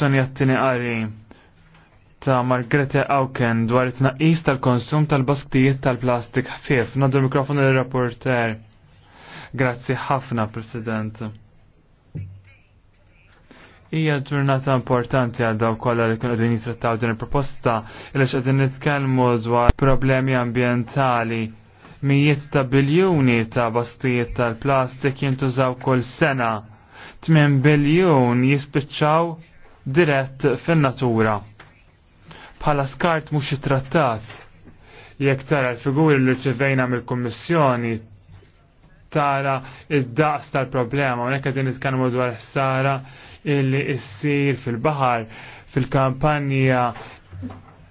Votazzjoni għattini għari ta' Margrethe Auken dwar it-tnaqqis tal-konsum tal-basktijiet tal-plastik ħfief. Nadu l-mikrofonu l-rapporter. Grazzi ħafna, President. Ija ġurnata importanti għal daw kolla li kienu għedin jitrattaw din il-proposta il għedin nitkelmu dwar problemi ambientali mijiet ta' biljuni ta' bastijiet tal-plastik jintużaw kull sena. 8 biljun jispiċċaw dirett fin-natura. Bħala skart mhux trattat jekk tara l-figuri li rċevejna mill-Kummissjoni tara id-daqs tal-problema, unek għedin nitkellmu dwar ħsara illi issir fil-bahar, fil-kampanja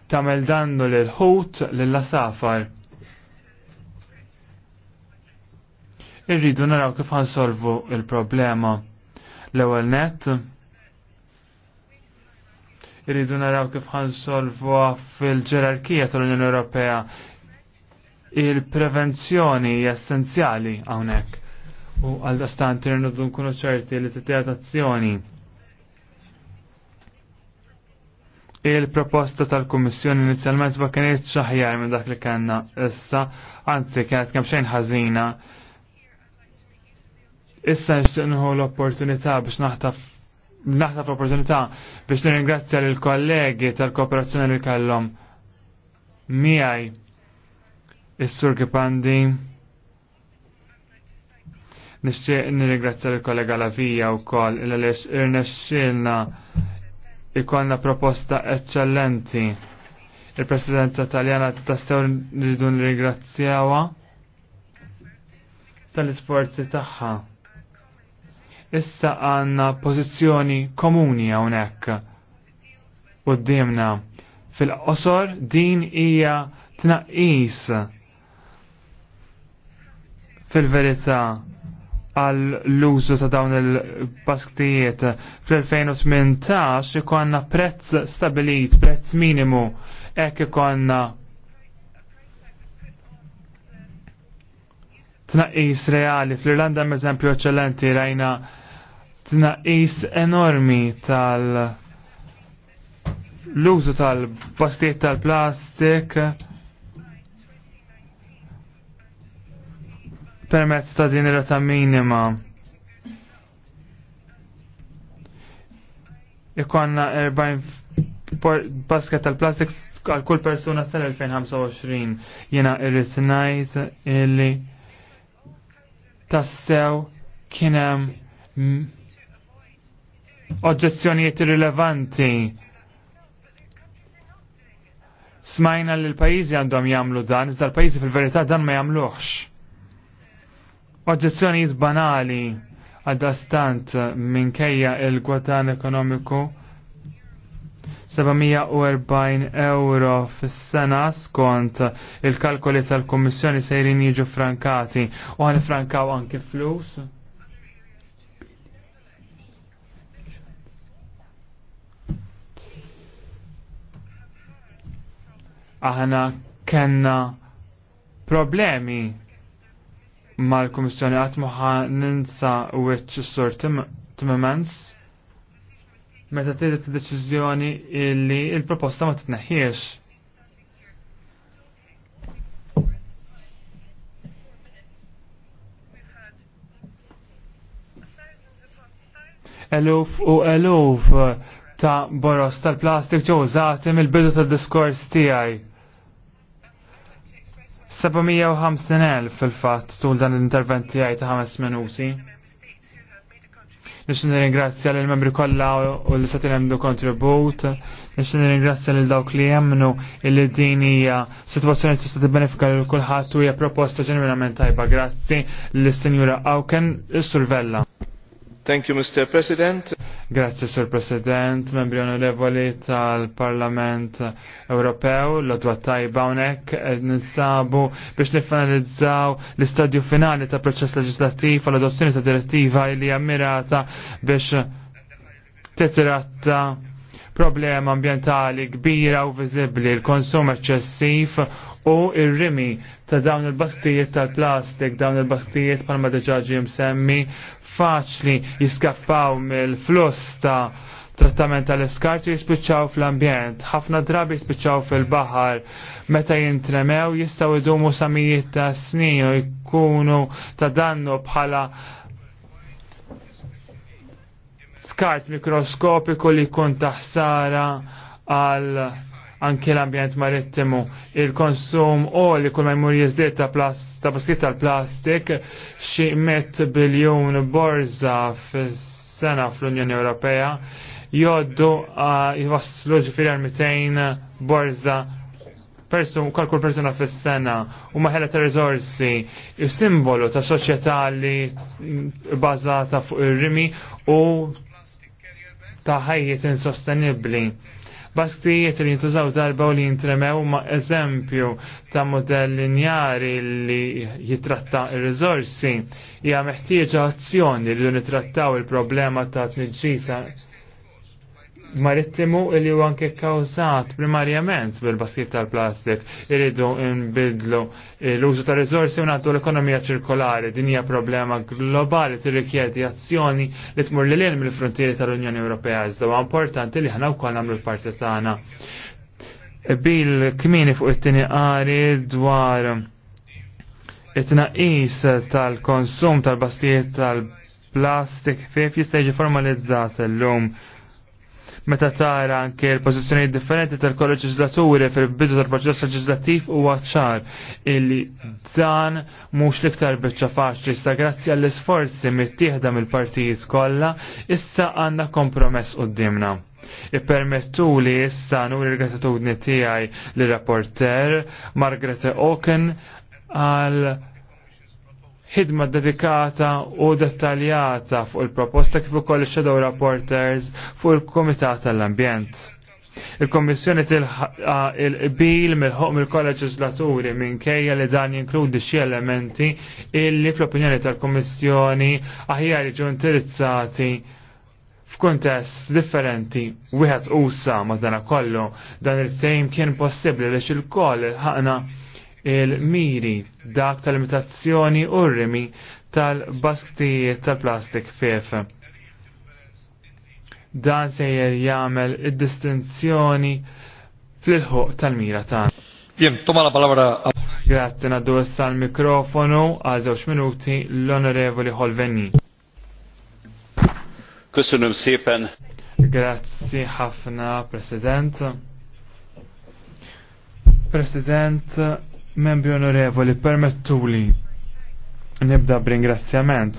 tamel dannu l-ħut l-lasafar. Irridu naraw kif ħansolvu il-problema. L-ewel net, Irridu naraw kif ħansolvuha fil-ġerarkija tal-Unjoni Ewropea. Il-prevenzjoni essenzjali hawnhekk. U għal dastant irridu nkunu ċerti li t-tijat azzjoni. Il-proposta tal-Kummissjoni inizjalment ma kienet xaħjar minn dak li kellna issa, anzi kienet kemm xejn ħażina. Issa nixtieq l-opportunità biex naħtaf naħta f'opportunità biex nirringrazzja lill kollegi tal-kooperazzjoni li kellhom miegħi is-Sur Kipandi. Nixtieq nirringrazzja lill kollega Lavija wkoll il għaliex irnexxielna ikollna proposta eccellenti. Il-Presidenza Taljana tastew nridu nirringrazzjawha tal-isforzi tagħha issa għanna pozizjoni komuni hawnhekk. U d dimna fil-qosor din hija tnaqis fil-verità għal l-użu ta' dawn il-basktijiet fl-2018 ikonna prezz stabilit, prezz minimu, ek ikonna tnaqqis reali. Fl-Irlanda, m eżempju, eccellenti rajna tnaqis enormi tal- l-użu tal-bastiet tal-plastik permezz ta' din rata minima. Ikonna 40 basket tal-plastik għal kull persuna tal-2025 jena irrit najt illi tassew kienem oġġezzjonijiet irrilevanti. Smajna li l-pajizi għandhom jagħmlu dan, iżda l-pajizi fil-verità dan ma jagħmluhx. Oġġezzjonijiet banali għadastant minkejja il-gwatan ekonomiku 740 euro fis-sena skont il-kalkoli tal-Kommissjoni sejrin jiġu frankati u għan frankaw anki flus. aħna kenna problemi mal-Komissjoni għat muħa ninsa u s-sur Timmermans meta t deċiżjoni illi il-proposta ma titneħħiex. Eluf u eluf ta' boros tal-plastik ġo użatim mill-bidu tad diskors tiegħi 750.000 fil-fat tul dan l-intervent għaj ta' 5 minuti. Nix nirringrazzja lill membri kollha u li se għamlu kontribut, nix nirringrazzja lil dawk li jemnu illi din hija sitwazzjoni tista' tibbenefika lil kulħadd u hija proposta ġenwinament tajba. Grazzi l sinjura Awken is-Survella. Thank you, Mr. President. Grazie, Sir President, membri onorevoli tal-Parlament Ewropew, l-odwa tajba unek, eh, ninsabu biex nifinalizzaw l-istadju finali ta' proċess leġislativ għal-adozzjoni ta' direttiva li ammirata biex titratta problem ambientali kbira u viżibbli, l konsum eċċessiv u il rimi ta' dawn il-bastijiet tal-plastik, dawn il-bastijiet palma deġaġi msemmi, faċli jiskappaw mill-fluss ta' trattament tal-iskarti jispiċċaw fl-ambjent, ħafna drabi jispiċċaw fil-bahar, meta jintremew jistaw idumu samijiet ta' snin u jkunu ta' dannu bħala skart mikroskopiku li jkun taħsara għal anke l-ambjent marittimu, il-konsum u li kull ma jmur jizdiet ta' plast, ta' boskiet tal-plastik, xi met biljun borza fis-sena fl-Unjoni Ewropea, joddu jwasslu ġifiri għal 200 borza persun, kalkul persona fis-sena u maħela ta' rizorsi, simbolu ta' soċjetà li bazata fuq ir-rimi u ta' ħajjiet insostenibbli bastijiet li jintużaw darba u li jintremew ma' eżempju ta' modell linjari li jitratta il-rizorsi hija meħtieġa azzjoni li nitrattaw il-problema ta' t-nġisa marittimu li huwa anke kkawżat primarjament bil-baskit tal-plastik irridu nbidlu eh, l-użu ta' riżorsi u nagħtu l-ekonomija ċirkolari din hija problema globali tirrikjedi azzjoni li tmur lil mill-frontieri tal-Unjoni Ewropea iżda huwa importanti li ħana wkoll nagħmlu l-parti tagħna. Bil kmini fuq it-tieni qari dwar it-tnaqis tal-konsum tal-bastijiet tal-plastik fif jista' jiġi formalizzat l-lum. -um Meta tara anke l-pożizzjonijiet differenti tal-kolleġislaturi fil-bidu tal-proċess leġislattiv huwa ċar illi dan mhux l-iktar biċċa faċli issa grazzi għall-isforzi mittieħda mill-partijiet kollha issa għandna kompromess qudiemna. Ippermettu li issa nur il-gratitudni tiegħi l-rapporter Margaret Oken għal ħidma dedikata u dettaljata fuq il-proposta kif ukoll il-Shadow Reporters fuq il-Komitat tal-Ambjent. Il-Kommissjoni tilħa il-qbil mill-ħoq mill-kolleġislaturi minkejja li dan jinkludi xi elementi illi fl-opinjoni tal-Kommissjoni aħjar jiġu intirizzati f'kuntest differenti wieħed usa madana kollu dan il tejm kien possibbli li xil-koll il il il ħaqna il-miri dak tal imitazzjoni u rimi tal-basktijiet tal-plastik fef. Dan sejjer jagħmel id-distinzjoni fl-ħuq tal-mira tagħna. Jien, toma la palabra. Grazzi naddu issa l-mikrofonu għal żewġ minuti l-Onorevoli Holveni. Kusunum sipen. Grazzi ħafna, President. President, Membri onorevoli, permettuli nibda b'ringrazzjament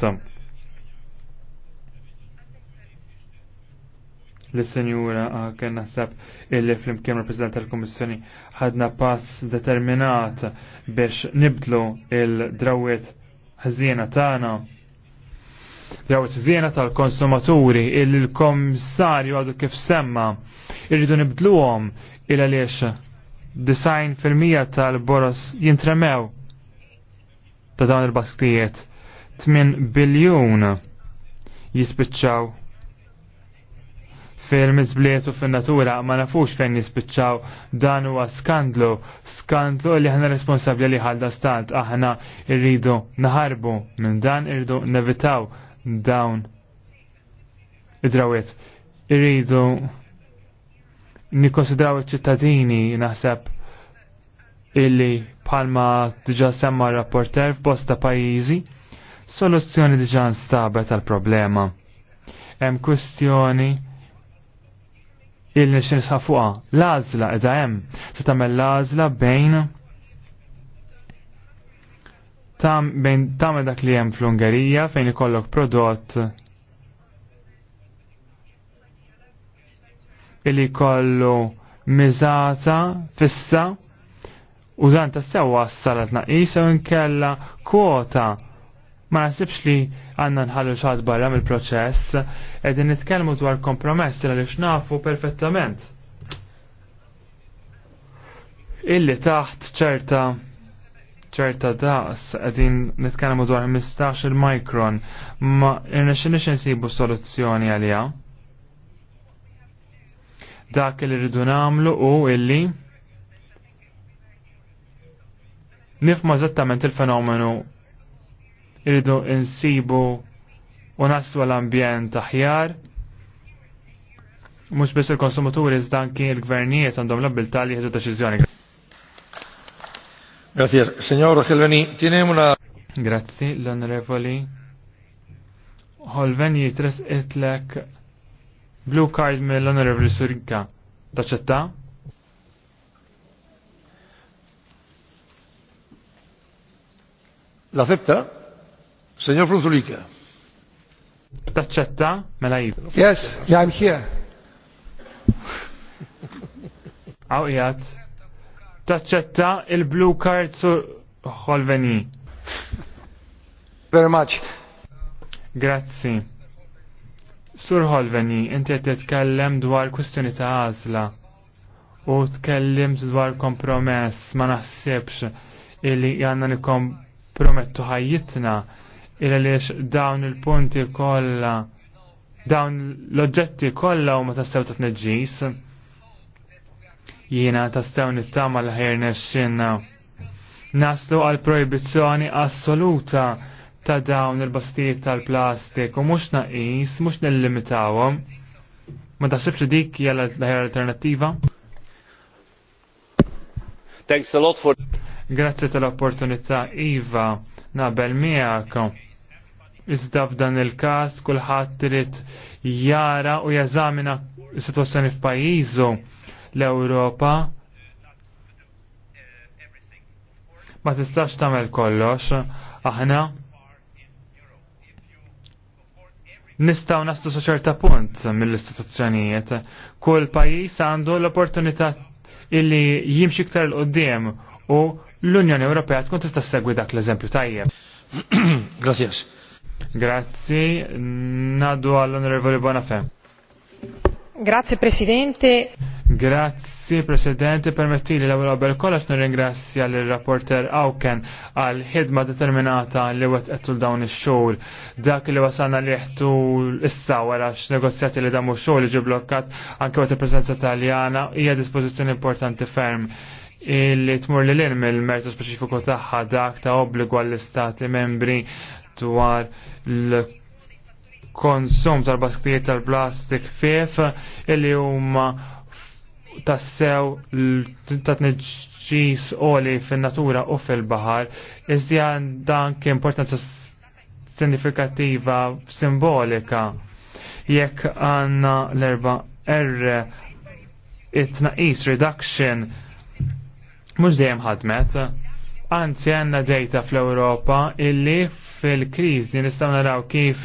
l senjura għakken ah, naħseb illi flimkien rappresentant tal komissjoni ħadna pass determinat biex nibdlu il-drawiet ħżiena tagħna. Drawet ħżiena tal-konsumaturi illi l komissarju għadu kif semma irridu nibdluhom il għaliex design fil-mija tal-boros jintremew ta' dawn il-basktijiet. 8 biljun jispiċċaw fil-mizbliet u fil-natura ma nafux fejn jispiċċaw dan huwa skandlu, skandlu li ħana responsabli li ħalda stant, aħna irridu naħarbu minn dan irridu nevitaw dawn id-drawiet. Irridu nikkonsidraw iċ-ċittadini naħseb illi palma diġa semma rapporter f'bosta pajjiżi, soluzzjoni diġa nstabet tal problema. Hemm kwestjoni illi xin fuqha l-għażla qiegħda hemm se tagħmel l-għażla bejn tam bejn tagħmel dak li hemm fl-Ungerija fejn ikollok prodott illi kollu mizata fissa u dan ta' sew wassal naqis u nkella kwota ma nasibx li għanna nħallu xad barra mill-proċess edin nitkelmu dwar kompromess li xnafu perfettament illi taħt ċerta ċerta daqs edin nitkellmu dwar 15 il-mikron ma irnexxinix insibu soluzzjoni għalija dak li rridu namlu u illi nifmu eżattament il-fenomenu rridu insibu u naslu l-ambjent aħjar. Mux biss il-konsumaturi zdanki il-gvernijiet għandhom l-abilta li jħedu deċizjoni. Grazie, signor Helveni, tinem una. Grazie, l-onorevoli. Holven jitres itlek Blue card mill-Onorevoli Surinka. Taċċetta? La septa? Signor Frunzulika. Taċċetta? Mela jib. Yes, yeah, I'm here. Aw jgħat. Taċċetta il-blue card su Holveni. Very much. Grazie. Sur Holveni, inti qed titkellem dwar kwistjoni ta' għażla u tkellimt dwar kompromess ma naħsibx illi għandna nikkompromettu ħajjitna il għaliex dawn il-punti kollha dawn l-oġġetti kollha huma tassew ta' tneġġis. Jiena tassew nittama l-ħajr nexxinna. Naslu għal proibizzjoni assoluta ta' dawn il-bastijiet tal-plastik u mhux naqis, mhux nillimitawhom. Ma ta' li dik hija l-ħajja alternattiva? Thanks a lot for Grazzi tal-opportunità Iva nabel miegħek. Iżda f'dan il-każ kulħadd trid jara u jazamina s-sitwazzjoni f'pajjiżu l-Ewropa ma tistax tagħmel kollox aħna nistaw nastu saċerta punt mill-istituzzjonijiet. Kull pajis għandu l-opportunità illi jimxi ktar l-qoddim u l-Unjoni Ewropea tkun tista' segwi dak l-eżempju tajjeb. Grazie. Grazzi, nadu għall-Onorevoli Bonafè. Grazie Presidente. Grazzi Presidente, permettili l ewwel kollox nirringrazzja l rapporter Auken għal ħidma determinata li tul dawn ix-xogħol. Dak li wasalna li ħtu issa wara x'negozjati li damu x-xogħol ġi blokkat anke waqt il-preżenza Taljana hija dispożizzjoni importanti ferm illi tmur li l-ilm il-mertu speċifiku tagħha dak ta' obbligu għall-istati membri dwar l konsum tal-basktijiet tal-plastik fief illi huma tassew ta' tneġġis oli fin-natura u fil-baħar, iżdi dan kien importanza sinifikattiva simbolika. Jekk għanna l-erba R it-naqis reduction mhux dejjem ħadmet, anzi għandna data fl-Ewropa illi fil-kriżi nistgħu naraw kif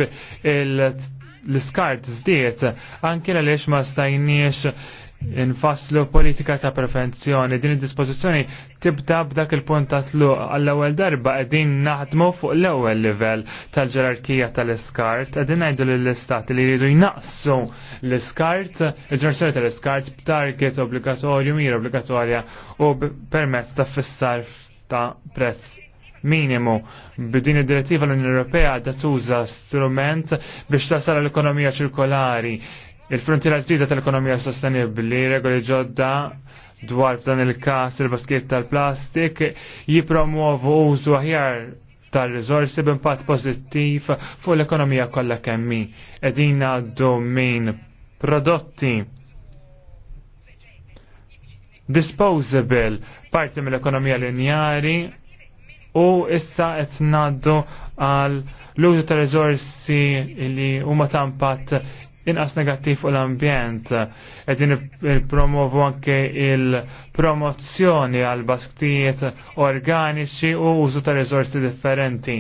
l skart żdiet anke għaliex ma stajniex infaslu politika ta' prevenzjoni. Din id-dispożizzjoni tibda b'dak il-punt ta' tluq għall-ewwel darba qegħdin naħdmu fuq l-ewwel livell tal-ġerarkija tal-iskart, qegħdin ngħidu lill-istati li jridu jnaqsu l-iskart, il-ġerarkija tal-iskart b'target obbligatorju, mira obbligatorja u permezz ta' fissar ta' prezz minimu. B'din id-direttiva l-Unjoni Ewropea għadha tuża strument biex tasal l-ekonomija ċirkolari, il-frontiera ġdida tal-ekonomija sostenibbli, regoli ġodda dwar f'dan il-kas il baskiet tal-plastik jipromuovu użu aħjar tal-rizorsi b'impatt pozittiv fuq l-ekonomija kollha kemmi. għaddu minn prodotti disposable parti mill-ekonomija linjari u issa qed ngħaddu għal l-użu ta' riżorsi li huma ta' impatt inqas negattiv fuq l-ambjent. Qegħdin promovu anke il-promozzjoni għal basktijiet organiċi u użu ta' riżorsi differenti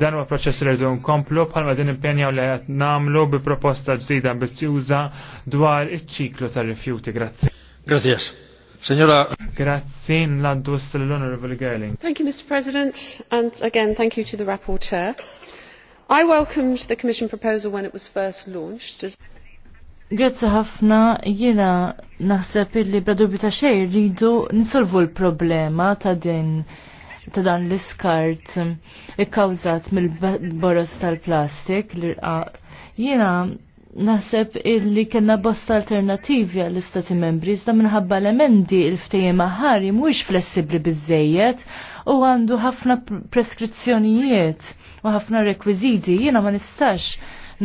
dan huwa proċess li rridu nkomplu bħalma din impjenjaw li qed nagħmlu bi proposta ġdida ambizzjuża dwar iċ-ċiklu tar-rifjuti. Grazzi. Grazie. Signora. Grazie, l-Honorable Gerling. Thank you, Mr. President, and again, thank you to the Rapporteur. I welcomed the Commission proposal when it was first launched. As Grazzi ħafna jiena naħseb illi bla dubju ta' xej rridu nisolvu l-problema ta' din ta' dan l-iskart ikkawżat mill-boros tal-plastik li irqa Jiena naħseb illi kena bosta alternativi għall-istati membri, iżda minħabba l-emendi il-ftejjem aħari mhuwiex flessibli bizzejiet u għandu ħafna preskrizzjonijiet u ħafna rekwiżiti, jiena ma nistax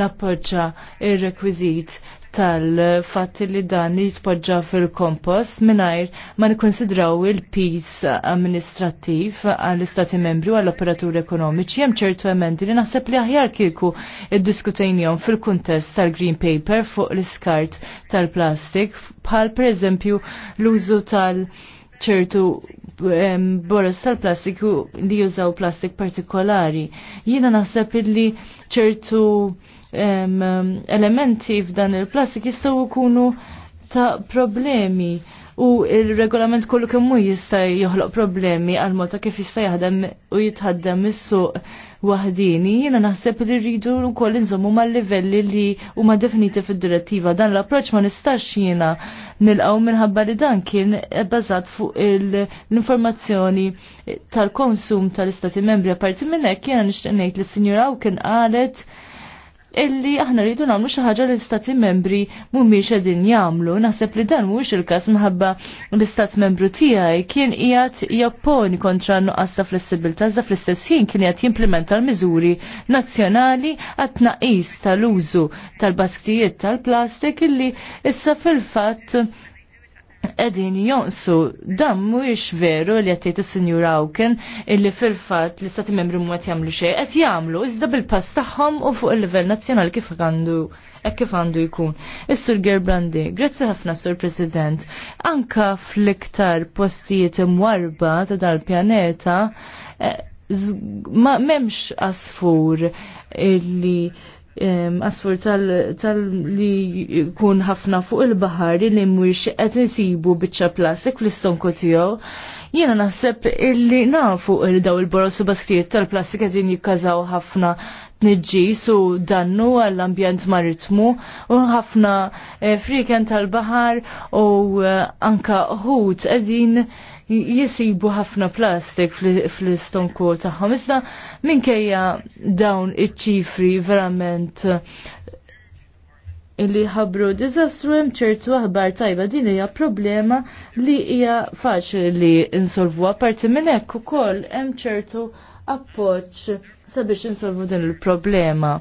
nappoġġa ir-rekwiżit tal-fatt li dan jitpoġġa fil-kompost mingħajr ma nikkonsidraw il-pis amministrativ għall-istati membri u għall-operaturi ekonomiċi hemm ċertu emendi li naħseb li aħjar kieku iddiskutejnihom fil-kuntest tal-Green Paper fuq l-iskart tal-plastik bħal pereżempju l-użu tal-, ċertu boros tal-plastiku li jużaw plastik partikolari. Jiena naħseb illi ċertu elementi f'dan il-plastik jistgħu jkunu ta' problemi u il-regolament kollu kemmu jista' joħloq problemi għal mod kif jista' jaħdem u jitħaddem is-suq waħdini, jiena naħseb li rridu wkoll inżommu mal-livelli li huma definiti fid-direttiva. Dan l-approċċ ma nistax jiena nilqgħu minħabba li dan kien bbażat fuq l-informazzjoni tal-konsum tal-Istati Membri. Apparti minn hekk jiena nixtieq ngħid li s-Sinjura kien qalet illi aħna rridu nagħmlu xi ħaġa li l-istati membri mhumiex qegħdin jagħmlu. Naħseb li dan mhuwiex il-każ minħabba l-istat membru tiegħi kien qiegħed japponi kontra nuqqas ta' flessibilità iżda fl-istess ħin kien qed jimplementa l-miżuri nazzjonali għat tnaqqis tal-użu tal-basktijiet tal-plastik illi issa fil-fatt qegħdin jonqsu. Dan mhuwiex veru li qed is-Sinjur Awken illi fil-fatt li stati membri mwet jagħmlu xejn qed jagħmlu iżda bil-pass tagħhom u fuq il-livell nazzjonali kif għandu hekk kif għandu jkun. Is-Sur Gerbrandi, grazzi ħafna Sur President, anka fl-iktar postijiet imwarba ta' dal-pjaneta eh, ma memx asfur illi asfur tal li kun ħafna fuq il-bahar li mwix qed insibu biċċa plastik fl-istonku tiegħu. Jiena naħseb illi nafu il daw il-boros u basktijiet tal-plastik qegħdin jikkażaw ħafna tniġġis u dannu għall-ambjent maritmu u ħafna eh, friken tal-bahar u eh, anka ħut qegħdin jisibu ħafna plastik fl-istonkur tagħhom. Iżda minkejja dawn iċ-ċifri verament illi ħabru dizastru hemm ċertu aħbar tajba din hija problema li hija faċli li insolvu apparti minn hekk ukoll hemm ċertu appoġġ sabiex insolvu din il-problema.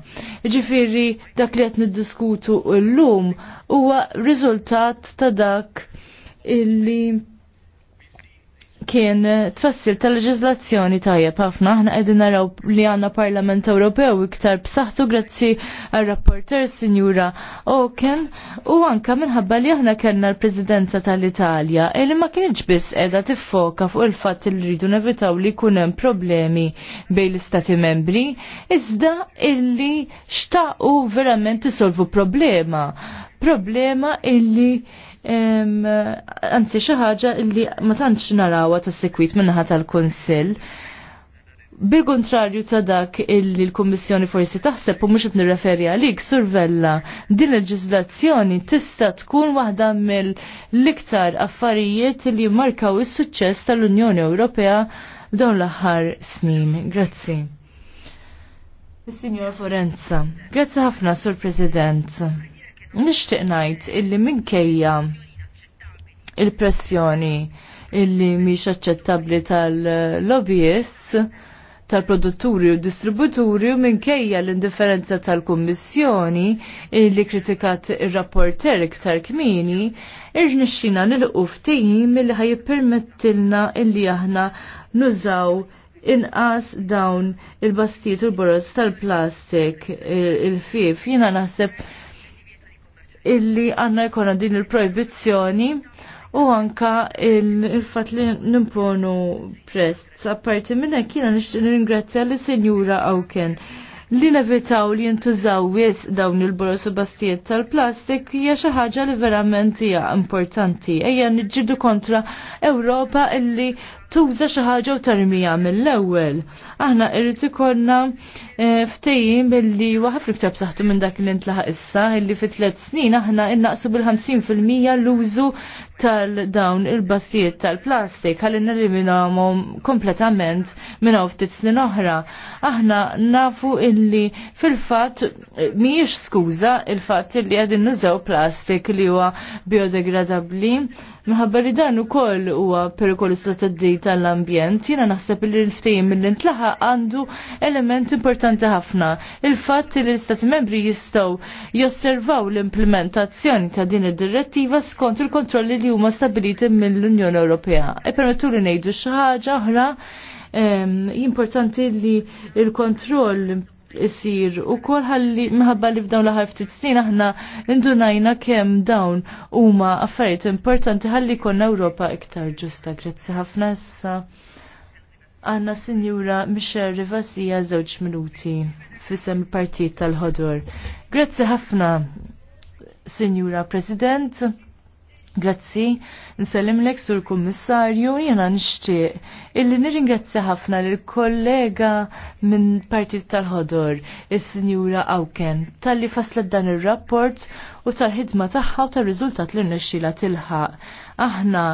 Ġifiri dak li qed niddiskutu llum huwa riżultat ta' dak illi kien tfassil tal-leġizlazzjoni tajjeb ħafna aħna qegħdin naraw li għandna Parlament Ewropew iktar b'saħħtu grazzi għar-rapporter Sinjura Oken u anka minħabba li aħna kellna l-Presidenza tal-Italja eh, li ma kienx biss qiegħda tiffoka fuq il-fatt li rridu nevitaw li jkun hemm problemi bejn l-Istati membri iżda illi xtaqu verament isolvu problema problema illi anzi xi ħaġa li ma tantx narawha tas-sekwit minnaħa tal-Kunsill. Bil-kontrarju ta' dak illi l-Kommissjoni forsi taħseb u mhux qed nirreferi għalik, survella din il-leġislazzjoni tista' tkun waħda mill-iktar affarijiet li jmarkaw is-suċċess tal-Unjoni Ewropea f'dawn l-aħħar snin. Grazzi. Is-Sinjor Forenza. Grazzi ħafna, Sur President. Nixtieq ngħid illi minkejja il-pressjoni illi mhix aċċettabbli tal-lobbyists tal-produtturi u distributuri u minkejja l-indifferenza tal-Kummissjoni li kritikat ir-rapporter iktar kmini, irnixxina nilqu ftehim li ħajippermettilna illi aħna nużaw inqas dawn il-bastiet u l-boros tal-plastik il-fif. Jina naħseb illi għanna jkollna din il-proibizzjoni u anka il-fat li nimponu prest. Apparti minna kiena nixtieq ringrazzja li Senjura Awken li nevitaw li jintużaw wis dawn il-boros u bastijiet tal-plastik hija xi ħaġa li verament hija importanti. Ejja niġġidu kontra Ewropa illi tuża xi ħaġa u tarmija mill-ewwel. Aħna irrid ikollna eh, ftejjin billi ħafna iktar b'saħħtu minn dak li ntlaħaq issa illi fi tliet snin aħna innaqsu bil-50 fil-mija l-użu tal-dawn il-bastijiet tal-plastik ħalli nirriminawhom kompletament minn hawn ftit snin oħra. Aħna nafu illi fil-fatt eh, mhijiex skuża il-fatt illi qegħdin nużaw plastik li huwa biodegradabbli Minħabba li dan ukoll huwa perikolus li tal-ambjent, jiena naħseb li l-ftehim mill intlaħa għandu element importanti ħafna. Il-fatt li l-Istati membri jistgħu josservaw l-implementazzjoni ta' din id-direttiva skont il-kontrolli li huma stabiliti mill-Unjoni Ewropea. E permettu li ngħidu xi ħaġa oħra ehm, importanti li il-kontroll isir u kol ħalli minħabba li f'dawn l-ħar ftit snin aħna indunajna kemm dawn huma affarijiet importanti ħalli jkollna Ewropa iktar ġusta. Grazzi ħafna issa. Għanna Sinjura Michelle Rivasija żewġ minuti f'isem il-Partit tal-Ħodur. Grazzi ħafna, Sinjura President. Grazzi, lek sur kummissarju, jena nishtiq illi nirringrazzja ħafna l kollega minn partit tal-ħodor, il-Sinjura Awken, tal-li faslet dan il-rapport u tal-ħidma taħħa u tal-rizultat li nixxila tilħaq. Aħna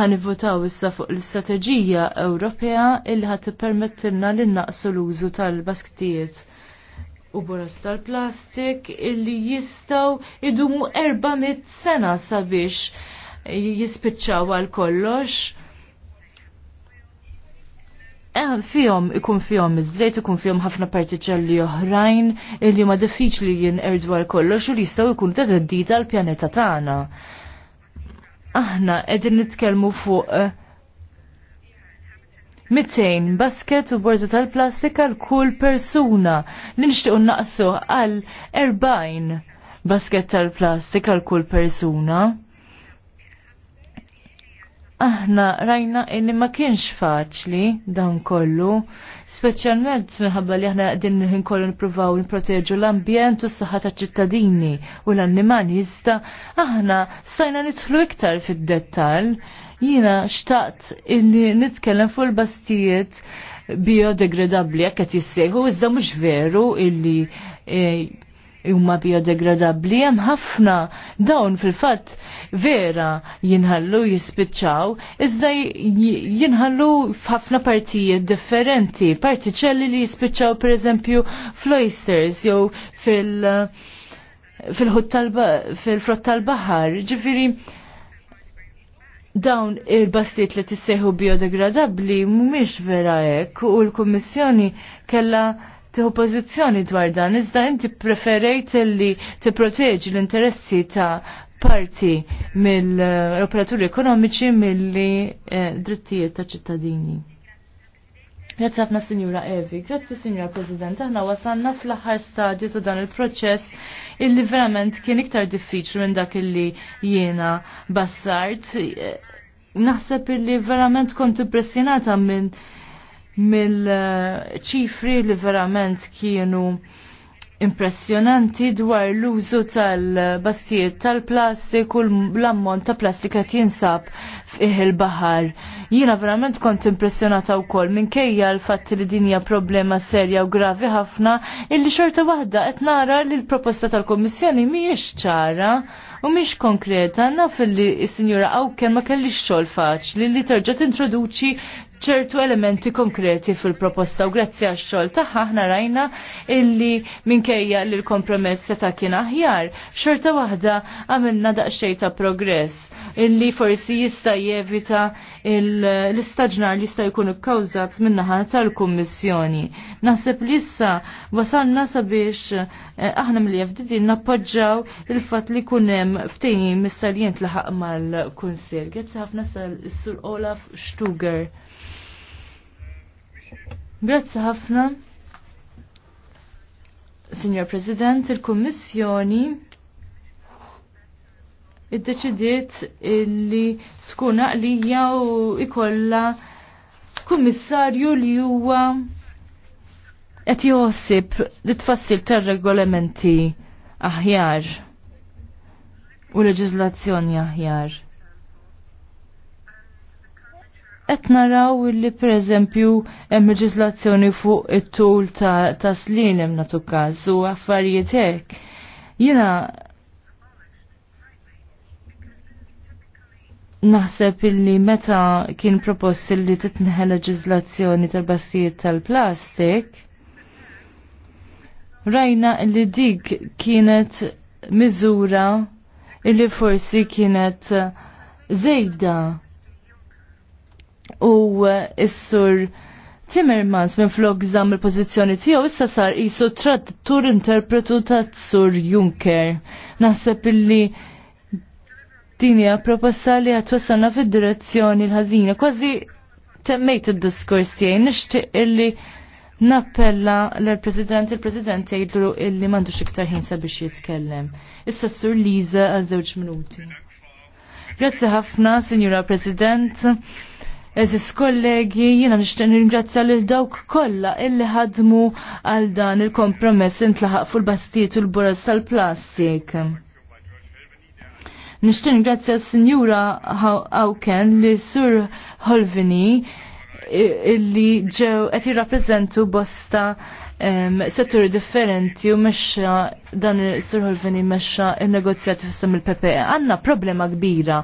ħanivvotaw issa fuq l-istrateġija Ewropea illi ħat permettilna l-naqsu l-użu tal-basktijiet u boros tal-plastik illi jistaw idumu 400 sena sabiex jispiċċaw għal kollox. Eh, fihom ikun fihom iż-żejt, ikun fihom ħafna partiċelli oħrajn illi ma diffiċli jinqerdu għal kollox u li jistgħu ikun ta' d-dita għall-pjaneta tagħna. Aħna qegħdin nitkellmu fuq eh, mitzejn basket u borza tal plastika għal kull persuna li nixtiequ naqsu għal 40 basket tal plastika għal kull persuna. Aħna rajna inni ma kienx faċli dan kollu, speċjalment minħabba li aħna nħin kollu nippruvaw nipproteġu l-ambjent u s-saħħa taċ-ċittadini u l-annimali iżda aħna stajna nidħlu iktar fid-dettall Jiena xtaqt illi nitkellem fuq il-bastijiet biodegradabli jekk qed jissejħu iżda mhux veru illi e, huma biodegradabli hemm ħafna dawn fil-fatt vera jinħallu jispiċċaw iżda jinħallu f'ħafna partijiet differenti, partiċelli li jispiċċaw pereżempju fl-oysters jew fil- fil-frott tal-baħar, ġifiri dawn il-bastiet li tisseħu biodegradabli mumiex vera hekk u l-Kummissjoni kella tieħu pożizzjoni dwar dan iżda inti preferejt li tipproteġi l-interessi ta' parti mill-operaturi ekonomiċi milli eh, drittijiet ta' ċittadini. Grazie ħafna Sinjura Evi, grazzi Sinjura President, aħna wasanna fl-aħħar stadju ta' dan il-proċess illi verament kien iktar diffiċli minn dak illi jiena bassart naħseb illi verament kont impressjonata minn mill-ċifri eh, li verament kienu impressjonanti dwar l-użu tal-bastijiet tal-plastik u l-ammont ta' plastika tinsab fih il-bahar. Jina verament kont impressjonata u koll minkejja l-fatti li dinja problema serja u gravi ħafna illi xorta wahda qed nara li l-proposta tal komissjoni mhijiex ċara u miex konkreta naf li s-sinjura Awken ma kellix xogħol faċli li terġa' tintroduċi ċertu elementi konkreti fil-proposta u grazzi għax xogħol tagħha ħna rajna illi minkejja li l-kompromess seta' kien aħjar, xorta waħda għamilna daqsxej ta' progress illi forsi jista' jevita l-istaġnar li jista' jkun ikkawżat min-naħa tal-Kummissjoni. Naħseb li issa wasalna sabiex eh, aħna mill-FDD nappoġġaw il-fatt li kunem hemm Ftejn ftehim issa li jintlaħaq mal kunsil Grazzi ħafna sal-Sur Olaf Stuger. Grazzi ħafna. Signor President, il-Kummissjoni id-deċidiet illi tkun għalija u ikolla kummissarju li huwa qed joħsib li tfassil tar-regolamenti aħjar u leġizlazzjoni aħjar. Qed naraw per pereżempju hemm leġizlazzjoni fuq it-tul ta' taslin hemm natu każ u affarijiet hekk. Jiena naħseb illi meta kien propost li titneħe leġizlazzjoni tal bastijiet tal-plastik, rajna li dik kienet miżura illi forsi kienet uh, zejda. U uh, issur sur Timmermans minn flok żamm il-pożizzjoni tiegħu issa sar qisu traduttur interpretu ta' Sur Juncker. Naħseb illi din hija proposta li qed wasalna fid-direzzjoni l-ħażina. Kważi temmejt id-diskors tiegħi nixtieq illi Nappella l-President, il-President jgħidlu illi m'għandux iktar ħin sabiex jitkellem. Issa s-sur Liza għal żewġ minuti. Grazzi ħafna, Signora President. Eżis kollegi, jiena nixtieq ringrazzja lil dawk kollha illi ħadmu għal dan il-kompromess intlaħaq fuq il bastiet u l-boras tal-plastik. Nixtieq nirringrazzja s-Sinjura Hawken li sur Holvini illi ġew qed jirrappreżentu bosta setturi differenti u mexxa dan il-Sir Holveni mexxa il-negozjati fissam il-PPE. Għanna problema kbira.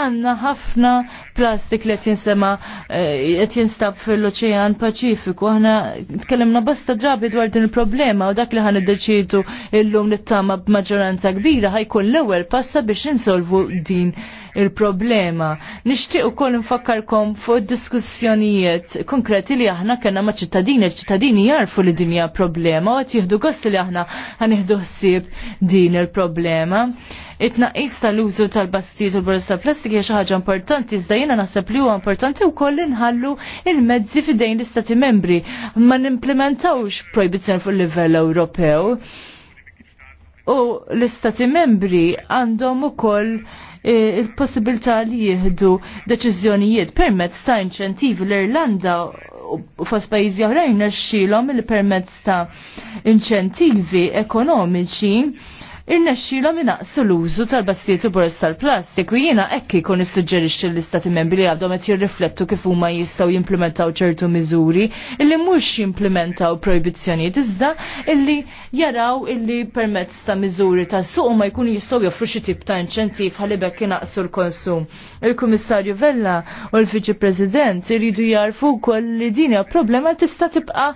għandna ħafna plastik li qed jinsema eh, qed jinstab fil-Oċean Paċifiku. Aħna tkellimna basta drabi dwar din il-problema u dak li ħan iddeċidu illum nittama b'maġġoranza kbira ħajkun l-ewwel passa biex insolvu din il-problema. Nixtieq ukoll nfakkarkom fuq diskussjonijiet konkreti li aħna kellna ma' ċittadini, ċittadini jarfu li din hija problema u jihdu jieħdu li aħna ħanieħdu ħsieb din il-problema it-naqis tal-użu tal-bastijiet u l-borsta plastik hija xi ħaġa importanti, iżda jiena naħseb li huwa importanti wkoll inħallu il-mezzi fidejn l-istati membri. Ma nimplementawx proibizzjoni fuq livell Ewropew u l-istati membri għandhom ukoll eh, il-possibilità li jieħdu deċiżjonijiet permezz ta' inċentivi l-Irlanda u fos pajjiżi oħrajn xilhom il-permezz ta' inċentivi ekonomiċi irnexxilhom inaqsu l-użu tal-bastiet u bors tal plastiku jiena hekk ikun issuġġerixxi l-istati membri li għadhom qed jirriflettu kif huma jistgħu jimplementaw ċertu miżuri illi mhux jimplementaw projbizzjonijiet iżda illi jaraw illi permezz ta' miżuri ta' suq ma jkunu jistgħu joffru xi tip ta' inċentiv ħalibek inaqsu l-konsum. Il-Kummissarju Vella u l-Viċi President iridu jarfu wkoll li din problema tista' tibqa'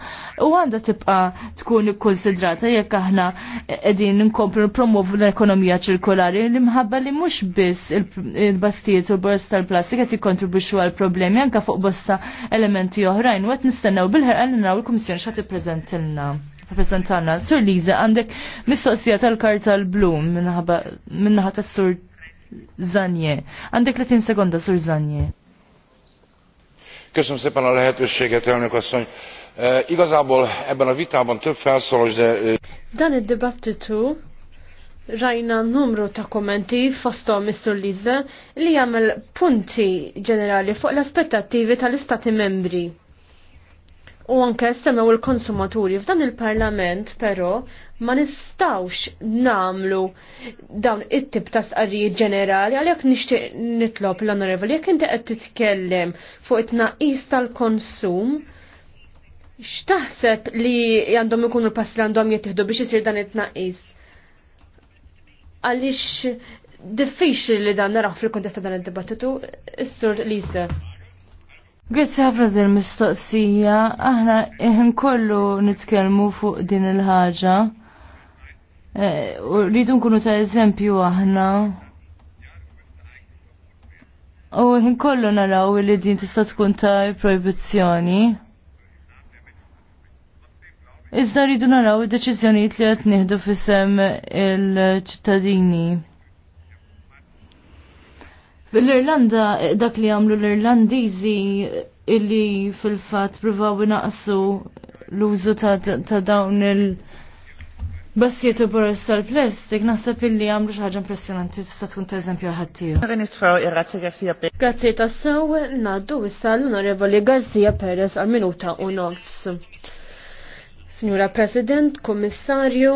u għandha tibqa' tkun konsidrata jekk aħna qegħdin nkomplu promovu l-ekonomija ċirkolari li mħabba li mhux biss il-bastijiet u l-borst tal-plastik qed jikkontribwixxu għal problemi anke fuq bosta elementi oħrajn u qed nistennew bil-ħerqa li naraw il-Kummissjoni x'għad tippreżentilna. Rappresentanna, Sur Liza, għandek mistoqsija tal-karta l-blum minnaħa tas-Sur Zanje. Għandek 30 sekonda, Sur Zanje. Köszönöm szépen a lehetőséget, elnök asszony. Eh, igazából ebben a vitában több felszólalás, de... Eh, Dan id-dibattitu rajna numru ta' kommenti fostom Mr. Lizza li jagħmel punti ġenerali fuq l-aspettattivi tal-istati membri. U anke semmew il-konsumaturi f'dan il-parlament però ma nistawx namlu dawn it-tip ta' sqarrijiet ġenerali għalhekk nixtieq nitlob l-onorevoli jekk inti qed titkellem fuq it-tnaqqis tal-konsum X'taħseb li għandhom ikunu l-pass li għandhom jittieħdu biex isir dan it-tnaqqis? Għaliex diffiċli li dan naraw fil-kontesta dan id-dibattitu, istur jisir. Grazzi għafra dil mistoqsija, aħna iħin kollu nitkellmu fuq din il-ħaġa. E, u rridu nkunu ta' eżempju aħna. U iħin kollu naraw li din tista' tkun ta' proibizzjoni. Iżda rridu naraw id-deċiżjonijiet li qed nieħdu fisem il-ċittadini. Fil-Irlanda, dak li għamlu l-Irlandiżi illi fil-fat provaw naqsu l-użu ta' dawn il- Bastiet u boris tal-plastik, naħseb illi għamlu xaħġa impressionanti tista' tkun ta' eżempju Grazie tas tassew, naddu issa l-Onorevoli Garzija Perez għal minuta u nofs. Signora President, Kommissarju,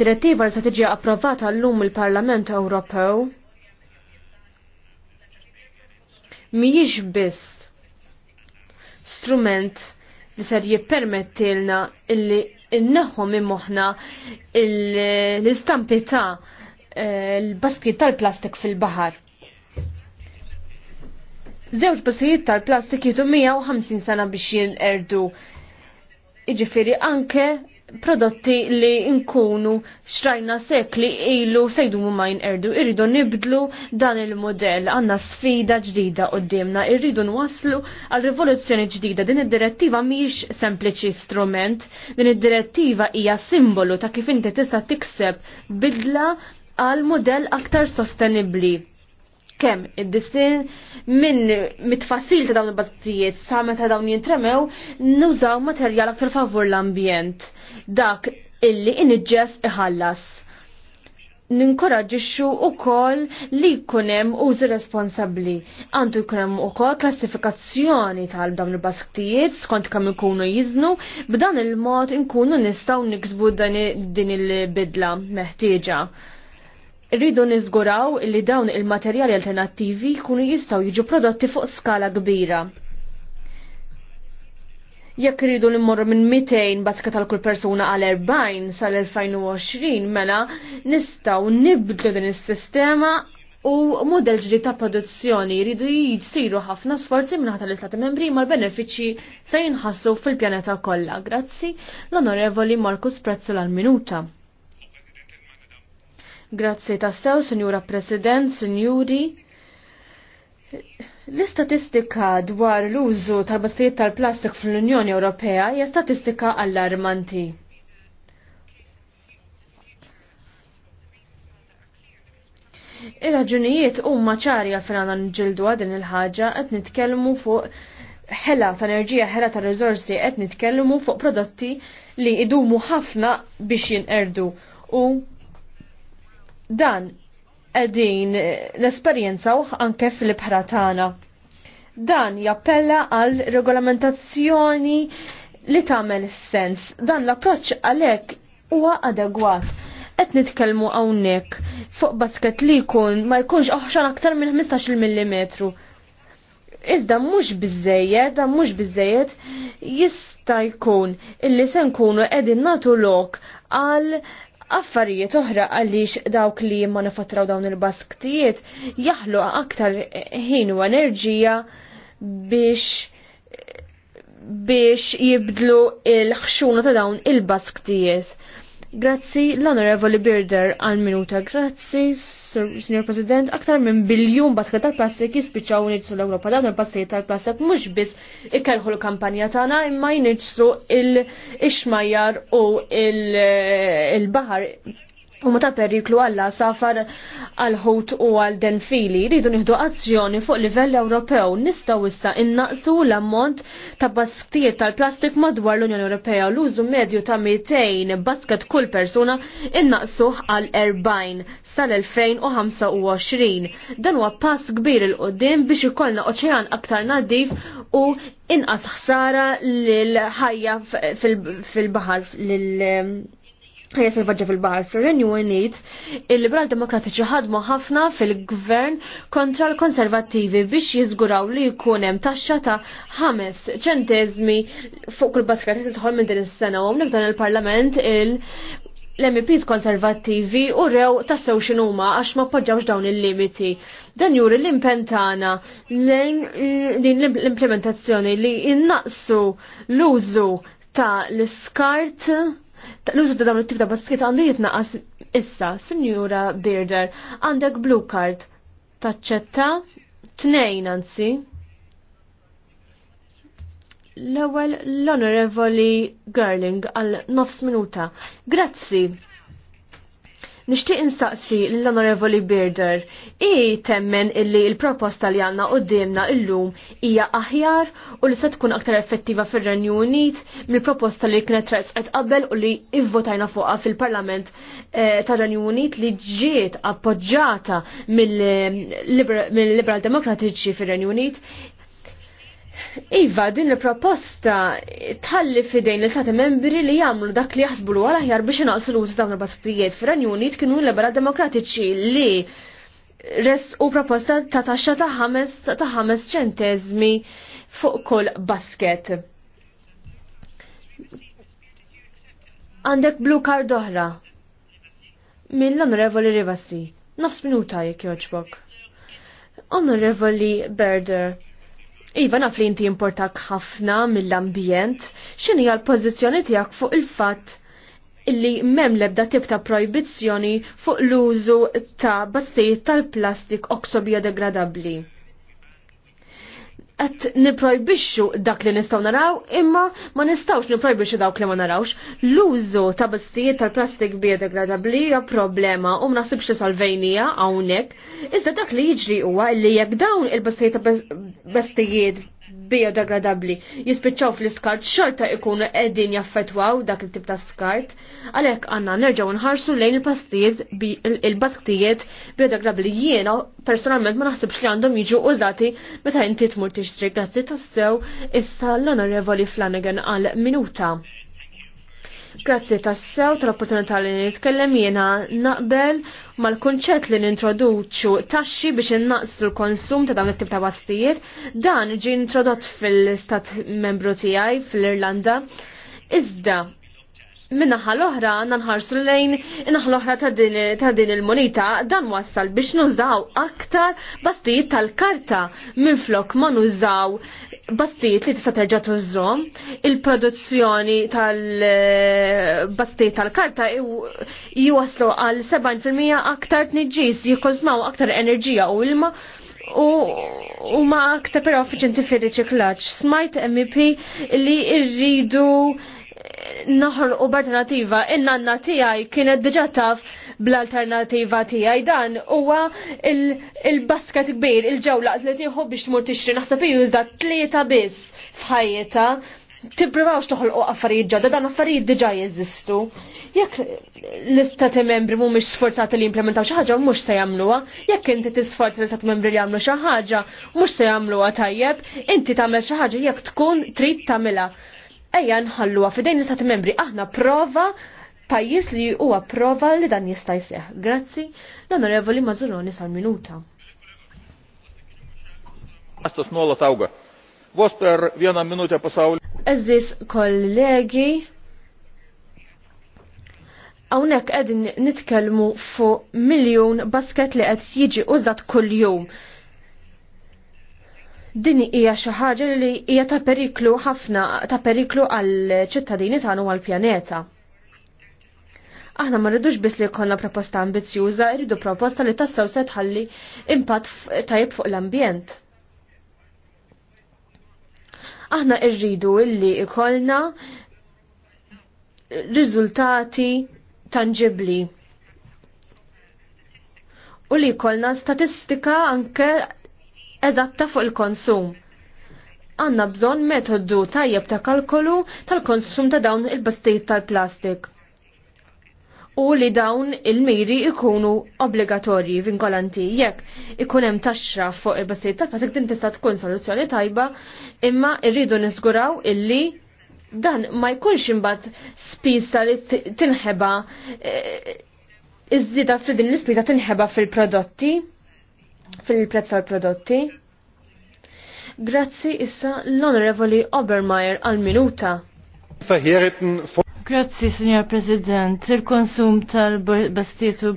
direttiva li se tiġi approvata llum il-Parlament Ewropew mhijiex biss strument li ser jippermettilna illi inneħħu minn l-istampi ta' eh, l-baskit tal-plastik fil-baħar. Zewġ basijiet tal-plastik jitu 150 sena biex jinqerdu Iġifiri anke prodotti li nkunu xtrajna sekli ilu sejdu ma erdu. Irridu nibdlu dan il-modell, għanna sfida ġdida qoddimna, irridu nwaslu għal rivoluzzjoni ġdida. Din id-direttiva miex sempliċi strument, din id-direttiva hija simbolu ta' kif inti tista' tikseb bidla għal modell aktar sostenibli kemm id dissin minn mitfassil ta' dawn il-bazzijiet sa' meta dawn jintremew nużaw materjal aktar favur l-ambjent. Dak illi inġess iħallas. Ninkoraġixxu wkoll li jkun hemm użu responsabbli. Għandu jkun hemm ukoll klassifikazzjoni tal dawn il-basktijiet skont kemm ikunu jiżnu, b'dan il-mod inkunu nistgħu niksbu din il-bidla meħtieġa. Irridu niżguraw li dawn il-materjali alternattivi jkunu jistgħu jiġu prodotti fuq skala kbira. Jekk irridu nimmorru minn 200 baska tal-kull persuna għal 40 sal-2020 mela nistgħu nibdlu din is-sistema u model ġdid ta' produzzjoni jridu jisiru ħafna sforzi minn ħata l-Istati Membri ma' benefiċċji se jinħassu fil-pjaneta kollha. Grazzi l-Onorevoli Markus Prezzo l-Minuta. Grazzi tassew, Signora President, Sinjuri. L-istatistika dwar l-użu tal-bastijiet tal-plastik fl-Unjoni Ewropea hija statistika allarmanti. Ir-raġunijiet huma ċari għal għandna nġildu din il-ħaġa qed nitkellmu fuq ħela ta' enerġija, ħela ta' riżorsi qed nitkellmu fuq prodotti li idumu ħafna biex jinqerdu u Dan qegħdin l uħ anke fil-bħra tagħna. Dan jappella għal regolamentazzjoni li tagħmel sens. Dan l-approċċ għalhekk huwa adegwat. Qed nitkellmu hawnhekk fuq basket li jkun ma jkunx oħxan aktar minn 15 mm. Iżda mhux biżejjed, dan mhux biżejjed jista' jkun illi se nkunu qegħdin nagħtu lok għal affarijiet oħra għaliex dawk li manifatraw dawn il-basktijiet jaħlu aktar ħin u enerġija biex biex jibdlu il-ħxuna ta' dawn il-basktijiet. Grazzi l-Honorable Birder għal minuta, grazzi Sr. President, aktar minn biljun batka tal-plastik jispiċaw nitsu l-Europa. Dawn il-pastijiet tal-plastik mhux biss ikkelħu l-kampanja tagħna imma jnitsu il-ixmajjar u il-bahar il-ixmajjar u il-baħar u ma ta' periklu għalla safar għal-ħut u għal-denfili. Rridu nieħdu azzjoni fuq livell Ewropew nistgħu issa innaqsu l-ammont ta' basktijiet tal-plastik madwar l-Unjoni Ewropea l-użu medju ta' 200 basket kull persuna innaqsu għal 40 sal-2025. Dan huwa pass kbir il-qoddim biex ikollna oċean aktar nadif u inqas ħsara lil ħajja fil-baħar lil ħajja selvaġġa fil-bar fir-Renju Unit, il-Liberal Demokratiċi ħadmu ħafna fil-gvern kontra l-konservattivi biex jiżguraw li jkun hemm taxxa ta' ħames ċentezmi fuq kull baskar tidħol minn din is-sena u hawnhekk dan il-Parlament il l-MPs konservattivi u rew tassew xinuma għax ma poġġawx dawn il-limiti. Dan juri l-impentana eh, din l-implementazzjoni li innaqsu l-użu ta' l-skart l-użu ta' dawn it-tip ta' basket għandu jitnaqas issa, Signora Bearder, għandek blue card taċċetta tnejn anzi. L-ewwel l-Onorevoli Girling għal nofs minuta. Grazzi. Nixtieq instaqsi l-Onorevoli Birder, i temmen illi il-proposta li għandna qudiemna illum hija aħjar u li se tkun aktar effettiva fir-Renju Unit mill-proposta li kienet tresqet qabel u li ivvotajna fuqha fil-Parlament eh, tar Renju Unit li ġiet appoġġata mill-Liberal Demokratiċi fir-Renju Unit Iva, din il-proposta tħalli fidejn li stati membri li jagħmlu dak li jaħsbu l aħjar biex inaqsu l-użu dawn il-basktijiet fir-Renjunit kienu l-libera demokratiċi li res u proposta ta' taxxa ta' ħames ta' ħames ċentezmi fuq kull basket. Għandek blu kard oħra. Mill-Onorevoli Rivasi. Nofs minuta jekk joġbok. Onorevoli Berder Iva naf li inti importak ħafna mill-ambjent, x'inhi l-pożizzjoni tiegħek fuq il-fatt illi mem lebda tip ta' projbizzjoni fuq l-użu ta' bastijiet tal-plastik oksobiodegradabbli qed niprojbixxu dak li nistgħu naraw imma ma nistgħux niprojbixxu dawk li ma narawx. L-użu ta' bastijiet tal-plastik biodegradabbli hija problema u ma naħsibx li solvejnija hawnhekk. Iżda dak li jiġri huwa li jekk dawn il-bastijiet bastijiet biodegradabli jispiċċaw fl-iskart xorta ikun qegħdin jaffetwaw dak il-tip ta' skart, għalhekk għandna nerġgħu nħarsu lejn il-pastijiet il-basktijiet biodegradabli jiena personalment ma naħsibx li għandhom jiġu użati meta inti tmur tixtri grazzi tassew issa l-onorevoli Flanagan għal minuta. Grazzi tassew tal-opportunità li nitkellem jiena naqbel mal-kunċett li nintroduċu taxxi biex innaqsu l-konsum ta' dawn it-tip ta' wastijiet Dan ġi introdott fil-Stat membru tiegħi fl-Irlanda. Iżda minnaħa l-oħra nanħarsu lejn naħa l-oħra ta' din il-monita dan wassal biex nużaw aktar bastijiet tal-karta minn flok ma nużaw bastijiet li tista' terġa' tużhom. Il-produzzjoni tal-bastijiet tal-karta jwaslu għal 70% aktar tniġġis jikkożmaw aktar enerġija u ilma u, ma aktar però effiċenti fil Smajt MEP li irridu naħor u in-nanna tiegħi kienet diġà taf bl-alternativa tiegħi dan huwa il-basket kbir, il-ġewla li tieħu biex tmur tixtri naħseb juża tlieta biss f'ħajjita. tippruvawx toħolqu affarijiet ġodda, dan affarijiet diġà jeżistu. Jekk l-istati membri mhumiex sforzati li jimplementaw xi ħaġa mhux se jagħmluha, jekk inti tisforza l-istati membri li jagħmlu xi ħaġa mhux se jagħmluha tajjeb, inti tagħmel xi ħaġa jekk tkun trid tagħmilha ejja nħalluha fidejn l istat membri aħna prova pajjiż li huwa prova li dan jista' jseħ. Grazzi, l-Onorevoli Mazzuroni sal-minuta. Għastas nola tawga. Vos per vjena minuta pasawli. Eżis kollegi, għawnek għedin nitkelmu fuq miljon basket li għed jiġi użat kull-jum. Din hija xi ħaġa li hija ta' periklu ħafna ta' periklu għal ċittadini tagħna u għall pjaneta. Aħna ma rridux biss li jkollna proposta ambizjuża, rridu proposta li tassew se tħalli impatt tajb fuq l-ambjent aħna irridu illi jkollna riżultati tangibli. U li jkollna statistika anke eżatta fuq il-konsum. Għanna bżon metodu tajjeb ta' kalkolu tal-konsum ta' dawn il-bastijiet tal-plastik. U li dawn il-miri ikunu obbligatorji vinkolanti jekk ikun hemm taxxa fuq il-bastijiet tal-plastik din tista' tkun soluzzjoni tajba imma irridu niżguraw illi dan ma jkunx imbagħad spisa li tinħeba eh, iż-żida f'din l-ispiża tinħeba fil-prodotti fil-prezz tal-prodotti. Grazzi issa l-Onorevoli Obermeier għal-minuta. Grazzi, Signor President. Il-konsum tal bastietu u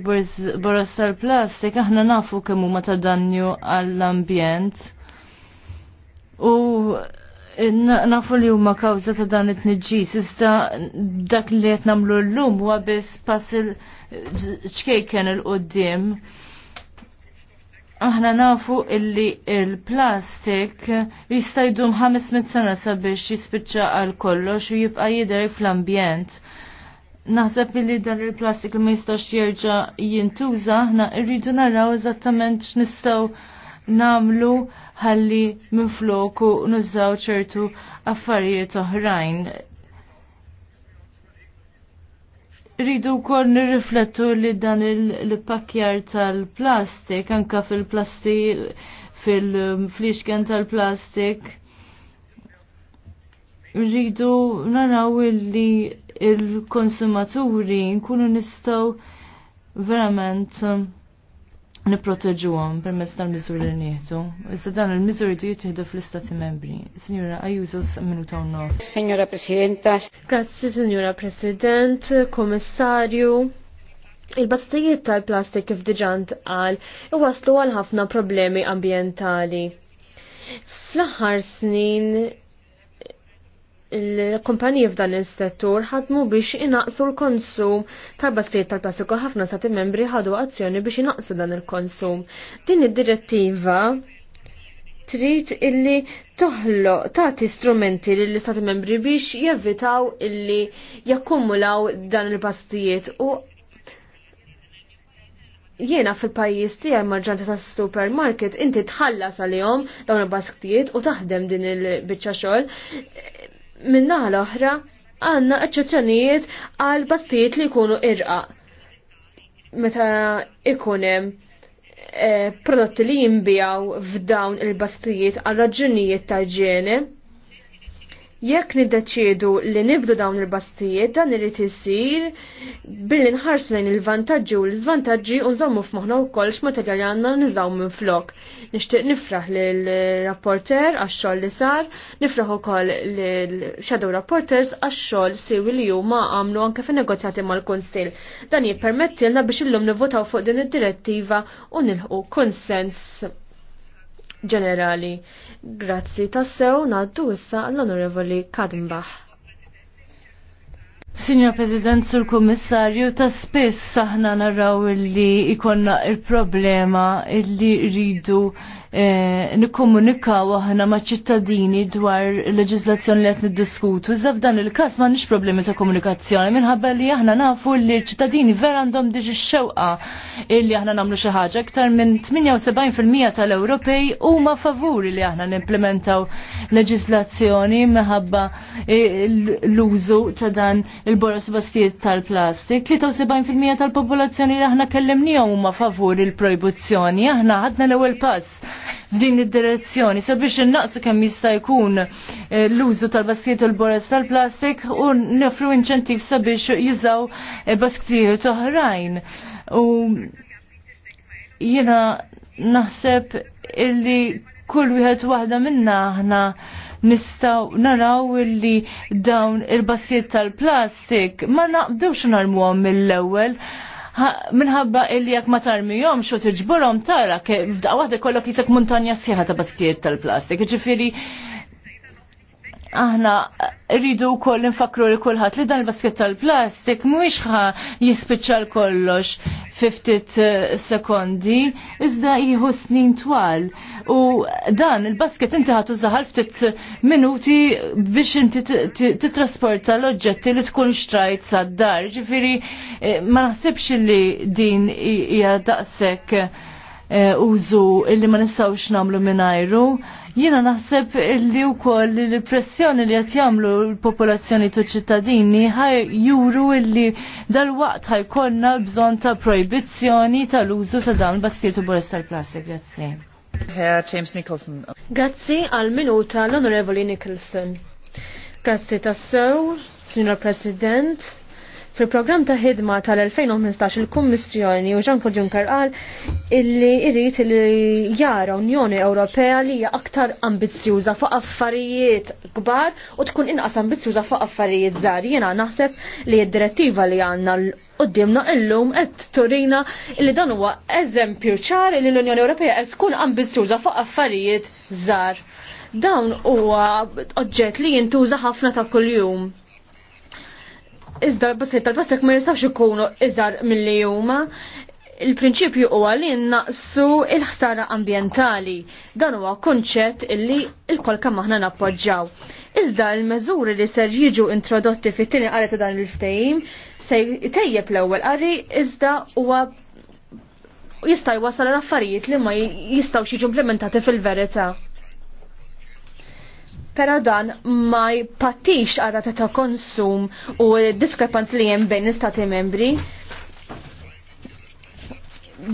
boros tal-plastik aħna nafu kemm huma ta' danju għall-ambjent. U nafu li huma kawża ta' dan it-tniġġis, iżda dak li qed nagħmlu llum huwa biss pass il-ċkejken il-qudiem. il qudiem Aħna nafu illi il-plastik jista' 500 sena sabiex jispiċċa għal kollox u jibqa' jidher fl-ambjent. Naħseb illi dan il-plastik ma jistax jerġa' jintuża, aħna rridu naraw eżattament x'nistgħu namlu ħalli u nużaw ċertu affarijiet oħrajn. Rridu wkoll nirriflettu li dan il-pakjar tal-plastik, anka fil-plasti fil flixken tal-plastik. Rridu naraw li il-konsumaturi nkunu nistaw verament niproteġuhom permezz tal-miżuri li nieħdu. Issa dan il-miżuri du jittieħdu fl-Istati Membri. Sinjura Ajuso minuta u nof. Signora Presidenta. Grazzi, Signora President, Komissarju. il bastijiet tal-plastik kif diġant għal waslu għal ħafna problemi ambientali. Fl-aħħar snin il-kumpaniji f'dan is-settur ħadmu biex inaqsu l-konsum tal-bastijiet tal-plastiku ħafna stati membri ħadu azzjoni biex inaqsu dan il-konsum. Din id-direttiva trid illi toħlo tagħti strumenti lill stati membri biex jevitaw illi jakkumulaw dan il-bastijiet u jiena fil-pajjiż tiegħi marġanti tas-supermarket inti tħallas għalihom dawn il-basktijiet u taħdem din il-biċċa xogħol minna l-oħra għanna eċċezzjonijiet għal bastijiet li jkunu irqa. Meta ikunem eh, prodotti li jimbijaw f'dawn il-bastijiet għal raġunijiet ta' ġene. Jekk niddeċiedu li nibdu dawn il-bastijiet dan irid isir billi nħarsu lejn il-vantaġġi u l-iżvantaġġi u nżommu f'moħħna wkoll x'materjali għandna niżaw minn flok. Nixtieq nifraħ lil rapporter għax-xogħol li sar, nifraħ ukoll lil shadow rapporters għax-xogħol siwi li huma għamlu anke fin-negozjati mal-Kunsill. Dan jippermettilna biex illum nivvotaw fuq din id-direttiva u nilħu konsens ġenerali. Grazzi tassew naddu issa l-Onorevoli Kadimbaħ. Signor President, sur Kommissarju, ta' spess saħna narraw illi ikonna il-problema illi rridu Eh, nikkomunikaw aħna ma' ċittadini dwar leġislazzjoni li qed niddiskutu. Iżda f'dan il-każ m'għandix problemi ta' komunikazzjoni minħabba li aħna nafu li ċittadini vera għandhom diġi x-xewqa illi aħna nagħmlu xi ħaġa. Iktar minn 78% tal-Ewropej huma favuri li aħna nimplementaw leġislazzjoni minħabba l-użu ta' dan il-boros bastijiet tal-plastik. 73% tal-popolazzjoni li aħna kellimnihom huma favuri l-projbuzzjoni. Aħna ħadna l-ewwel pass f'din id-direzzjoni sabiex innaqsu kemm jista' jkun eh, l-użu tal-basktijiet u l-boras tal-plastik u nofru inċentiv sabiex jużaw eh, basktijiet oħrajn. U jiena naħseb illi kull wieħed waħda minna aħna nistaw naraw illi dawn il basiet tal-plastik ma naqbdux narmuhom mill-ewwel minħabba illi jekk ma tarmihom xo tiġburhom tara f'daqqa waħda kollok jisek montanja sħiħa ta' baskijiet tal-plastik. Ġifieri aħna rridu wkoll nfakru li kulħadd li dan il-basket tal-plastik mhuwiex ħa jispiċċa kollox fi ftit eh, sekondi, iżda jieħu snin twal. U dan il-basket inti ħatu zaħal ftit minuti biex inti titrasporta l-oġġetti li tkun xtrajt sad-dar. Ġifieri eh, ma naħsibx li din hija daqshekk eh, użu illi ma nistgħux nagħmlu mingħajru Jiena naħseb li wkoll li pressjoni li qed jagħmlu l-popolazzjoni tu ċittadini ħaj juru li dal-waqt konna bżonn ta' proibizzjoni tal-użu ta' dawn baskiet u boles tal-plastik. Grazzi. Herr James Nicholson. Grazzi għal minuta l-Onorevoli Nicholson. Grazzi tassew, Signor President. Fil-programm ta' ħidma tal-2015 il-Kummissjoni u Jean Juncker qal illi irrit li jara Unjoni Ewropea li hija aktar ambizzjuża fuq affarijiet kbar u tkun inqas ambizzjuża fuq affarijiet żgħar. Jiena naħseb li d-direttiva li għandna l-qudiemna illum qed turina li dan huwa eżempju ċar li l-Unjoni Ewropea qed tkun ambizzjuża fuq affarijiet żgħar. Dawn huwa oġġett li jintuża ħafna ta' kuljum Iżda l-bassett tal-bassett ma jistax ikunu iżar mill-li huma. Il-prinċipju huwa li naqsu il-ħsara ambientali. Dan huwa kunċett illi il-kol kemm aħna nappoġġaw. Iżda l-meżuri li ser jiġu introdotti fit-tieni qari ta' dan il-ftehim se jtejjeb l-ewwel qari iżda huwa jista' jwasal l-affarijiet li ma jistgħux jiġu implementati fil-verità. Pero dan ma jpattix għara ta' konsum u diskrepanz li jem bejn istati membri.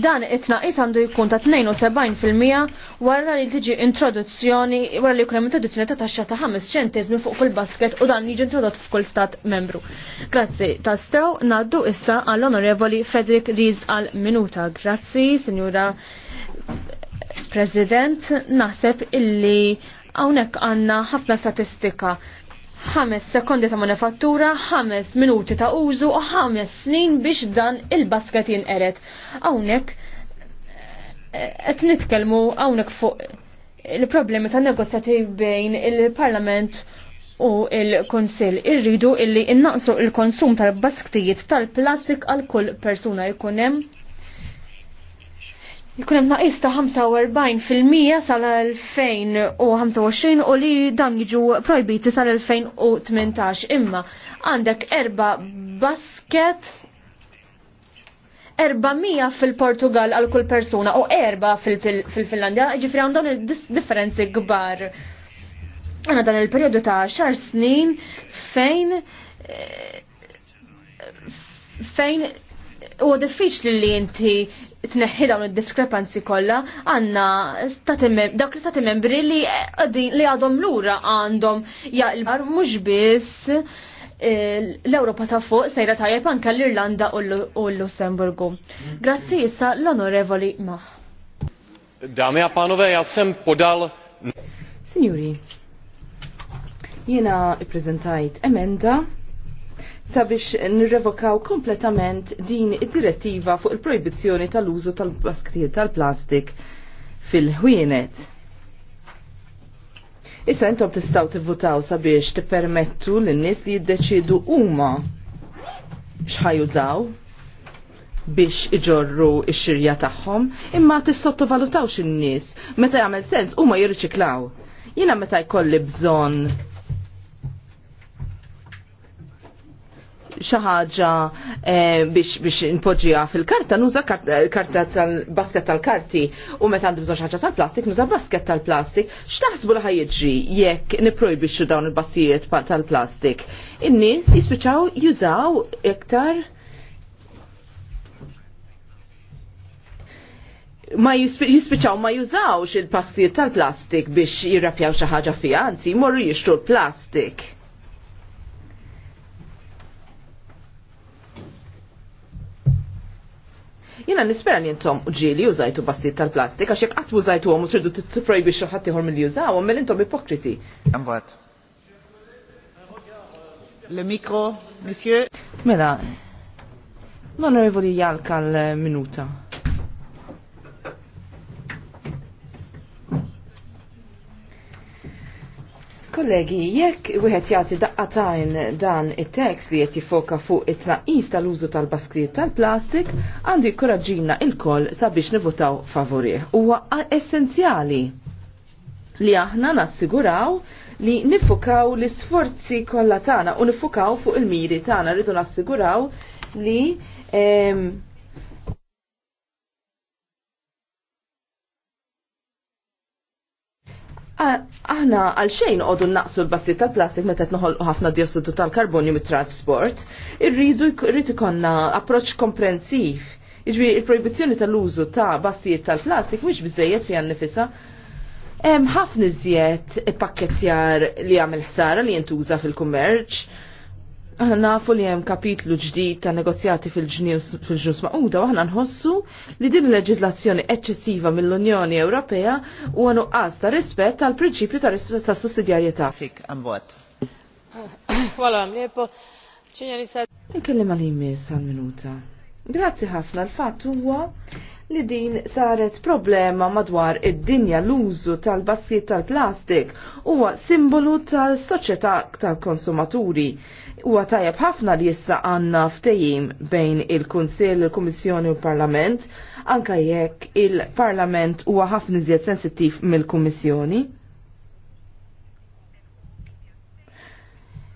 Dan it-naqis għandu jkun ta' 72% wara li tiġi introduzzjoni, wara li jkun hemm introduzzjoni ta' taxxa ta' 5 minn fuq kull basket u dan jiġi introdott f'kull stat membru. Grazzi ta' stew naddu issa għall-Onorevoli Frederick Riz għal minuta. Grazzi, Signora President, naħseb illi Hawnhekk għandna ħafna statistika. 5 sekondi ta' manifattura, 5 minuti ta' użu u 5 snin biex dan il-basket jinqeret. Hawnhekk eh, qed nitkellmu hawnhekk fuq il-problemi ta' negozjati bejn il-Parlament u il-Konsil irridu illi innaqsu il-konsum tal-basktijiet tal-plastik għal kull persuna jkun hemm Jikun hemm naqis ta' 45% fil sal-2025 u li dan jiġu projbiti sal-2018 imma għandek erba basket 400 fil-Portugal għal kull persuna u erba fil-Finlandja, ġifri għandhom differenzi kbar. Għana dan il-periodu ta' xar snin fejn eh, fejn u diffiċ li li inti tneħħi dawn id-diskrepanzi kollha għanna dawk li stati membri li li għadhom lura għandhom jaqlbar mhux biss eh, l-Ewropa ta' fuq sejra tajjeb anke l-Irlanda u l-Lussemburgu. Grazzi issa l-Onorevoli Mah. Dami a panove, ja podal. Signori, jena prezentajt emenda sabiex nirrevokaw kompletament din id-direttiva fuq il-proibizzjoni tal-użu tal-basktijiet tal-plastik fil-ħwienet. Issa intom tistaw tivvutaw sabiex tippermettu lin-nies li jiddeċidu huma x'ħajużaw biex iġorru x-xirja tagħhom, imma tissottovalutawx in-nies meta jagħmel sens huma jirriċiklaw. Jiena meta jkolli bżonn xaħġa ħaġa eh, biex biex npoġġiha fil-karta nuża eh, karta tal-basket tal-karti u meta għandu bżonn xi ħaġa tal-plastik nuża basket tal-plastik. X'taħsbu li ħajjiġri jekk niprojbixxu dawn il-bassijiet tal-plastik? In-nies jispiċċaw jużaw iktar ma jispiċaw ma jużawx il-pastijiet tal-plastik biex jirrapjaw xi ħaġa fiha, anzi jmorru jixtru l-plastik. Jina nispera li intom ġili użajtu bastiet tal-plastik, għaxek jek għatmu użajtu għom u tridu t biex xoħat tiħor mill-jużaw, mill intom ipokriti. Għambat. Le mikro, monsieur. Mela, l-onorevoli jalka l-minuta. Kollegi, jekk wieħed jagħti daqqatajn dan it-tekst li qed jifoka fuq it-tnaqqis tal-użu tal-baskriet tal-plastik, għandi jkoraġġina il-koll sabiex nivutaw favorih. Huwa essenzjali li aħna nassiguraw li nifukaw l-isforzi kollha tagħna u nifukaw fuq il-miri tagħna rridu nassiguraw li em, Aħna għal xejn għodu naqsu l-bastit tal-plastik meta noħolqu ħafna diossidu tal-karbonju mit-trasport, irridu irrid ikonna approċċ komprensiv. Iġri il-proibizzjoni tal-użu ta' bastijiet tal-plastik mhux biżejjed fi nifisa. Hemm ħafna iżjed pakketjar li għamil ħsara li jintuża fil-kummerċ Aħna nafu li hemm kapitlu ġdid ta' negozjati fil-ġnius fil-ġnus maquda aħna nħossu li din il leġislazzjoni eċċessiva mill-Unjoni Ewropea huwa nuqqas ta' rispett tal prinċipju ta' rispett ta' sussidjarjetà. Sik ambot. Wala mliepo. Nkellim għal jimmies għal-minuta. Grazzi ħafna l-fatt huwa li din saret problema madwar id-dinja l-użu tal-bassiet tal-plastik huwa simbolu tal-soċjetà tal-konsumaturi. tal soċjetà tal konsumaturi Huwa tajjeb ħafna li issa għandna ftejim bejn il-Kunsill, il-Kummissjoni u l-Parlament, anka jekk il-Parlament huwa ħafna iżjed sensittiv mill-Kummissjoni.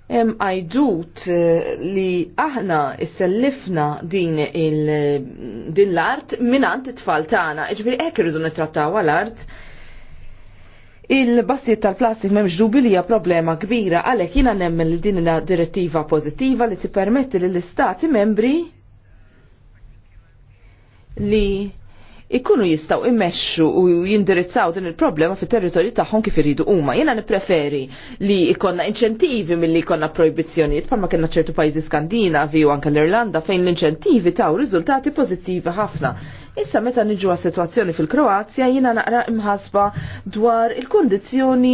Hemm għajdut eh, li aħna issellifna din il din l-art minant it-tfal tagħna, ġifieri hekk irridu nittrattaw għall-art Il-bassiet tal-plastik memx dubi li hija problema kbira għalhekk jiena nemmen li din direttiva pożittiva li li lill istati membri li ikunu jistaw immexxu u jindirizzaw din il-problema fit territorju tagħhom kif iridu huma. Jiena nippreferi li ikonna inċentivi milli ikonna projbizzjonijiet bħalma kellna ċertu pajjiżi Skandinavi u anke l-Irlanda fejn l-inċentivi taw riżultati pożittivi ħafna. Issa meta niġu għas fil-Kroazja jina naqra imħasba dwar il-kondizjoni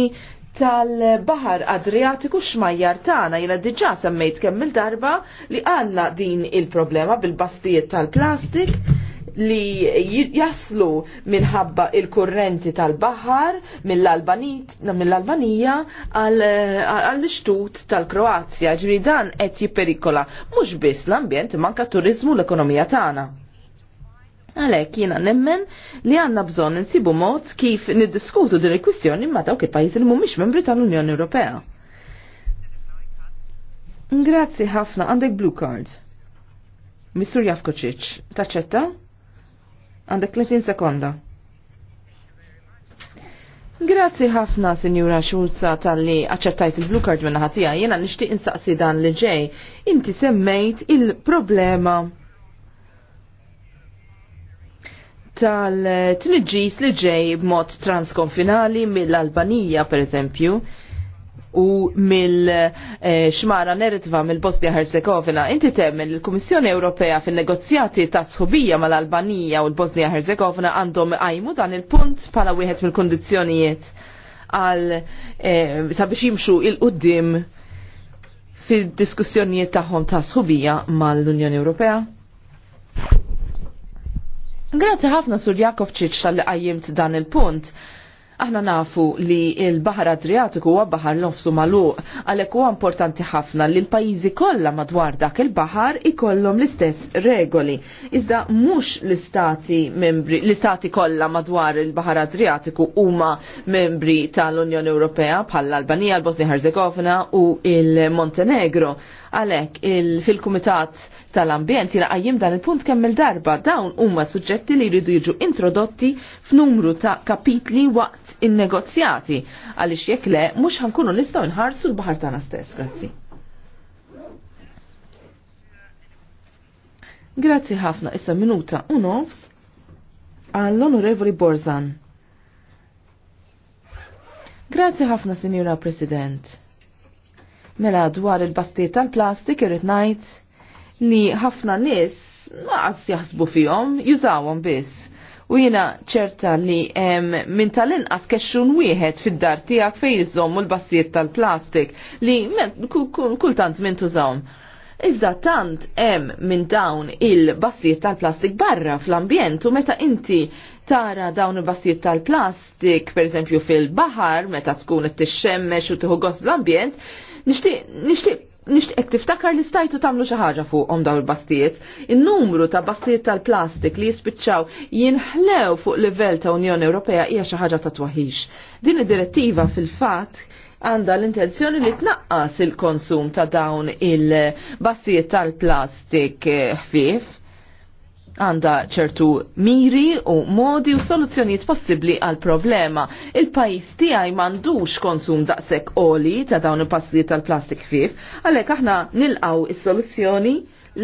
tal-bahar Adriatiku xmajjar tagħna jiena diġà semmejt kemm il-darba li għandna din il-problema bil-bastijiet tal-plastik li jaslu minħabba il-kurrenti tal-bahar mill-Albanija għall-ixtut tal-Kroazja ġri dan qed jipperikola mhux biss l-ambjent manka turizmu l-ekonomija tagħna. Għalek jina nemmen li għanna bżon nsibu mod kif niddiskutu din il-kwistjoni ma dawk il-pajjiżi li mhumiex membri tal-Unjoni Ewropea. Grazzi ħafna għandek blue card. Missur Jafkoċiċ, taċċetta? Għandek 30 sekonda. Grazzi ħafna, Sinjura Xulza, tal-li accettajt il-blue card minna ħatija. Jena nishtiq insaqsi dan li ġej. Inti semmejt il-problema tal-tniġġis li ġej b'mod transkonfinali mill-Albanija, per eżempju, u mill-xmara Neretva mill-Bosnia Herzegovina. Inti temmen il-Kummissjoni Ewropea fin negozjati ta' sħubija mal-Albanija u l-Bosnia Herzegovina għandhom għajmu dan il-punt pala wieħed mill-kondizjonijiet għal eh, sabiex jimxu il-qoddim fil-diskussjonijiet tagħhom ta' sħubija mal-Unjoni Ewropea? Grazzi ħafna sur Jakov ċiċ tal-li għajjimt dan il-punt. Aħna nafu li il-Bahar Adriatiku huwa bahar nofsu magħluq, għalhekk huwa importanti ħafna li l-pajjiżi kollha madwar dak il-bahar ikollhom l-istess regoli. Iżda mhux l-istati membri, l-istati kollha madwar il-Bahar Adriatiku huma membri tal-Unjoni Ewropea bħall-Albanija, l-Bosnia Herzegovina u il-Montenegro. Għalek, fil-Kumitat tal-Ambjent jina għajjim dan il-punt kemm il-darba dawn huma suġġetti li jridu jiġu introdotti f'numru ta' kapitli waqt in-negozjati għaliex jekk le mhux ħankunu nistgħu nħarsu l-baħar tagħna stess. Grazzi. Grazzi ħafna issa minuta u nofs għall-Onorevoli Borzan. Grazzi ħafna, Sinjura President. Mela dwar il-bastiet tal-plastik irrid ngħid li ħafna nies ma qas jaħsbu fihom, jużawhom biss. U jiena ċerta li minn tal-inqas kexxun wieħed fid-dar tiegħek fejn iżommu l-bastiet tal-plastik li kultant żmien tużawhom. Iżda tant hemm minn dawn il-bastiet tal-plastik barra fl-ambjent u meta inti tara dawn il-bastijiet tal-plastik, per fil-bahar, meta tkun it tixxemmex u tħu gost l-ambjent, Nixtieq nixtieq tiftakar li stajtu tagħmlu xi ħaġa fuqhom dawn il-bastijiet. In-numru ta' bastijiet tal-plastik li jispiċċaw jinħlew fuq livell ta' Unjoni Ewropea hija xi ħaġa ta' twaħix. Din id-direttiva fil-fatt għanda l-intenzjoni li tnaqqas il-konsum ta' dawn il bastijiet tal-plastik eh, ħfif għanda ċertu miri u modi u soluzzjonijiet possibbli għal problema. Il-pajis tiegħi m'għandux konsum daqshekk oli ta' dawn il-pastijiet tal-plastik fif, għalhekk aħna nilqaw is-soluzzjoni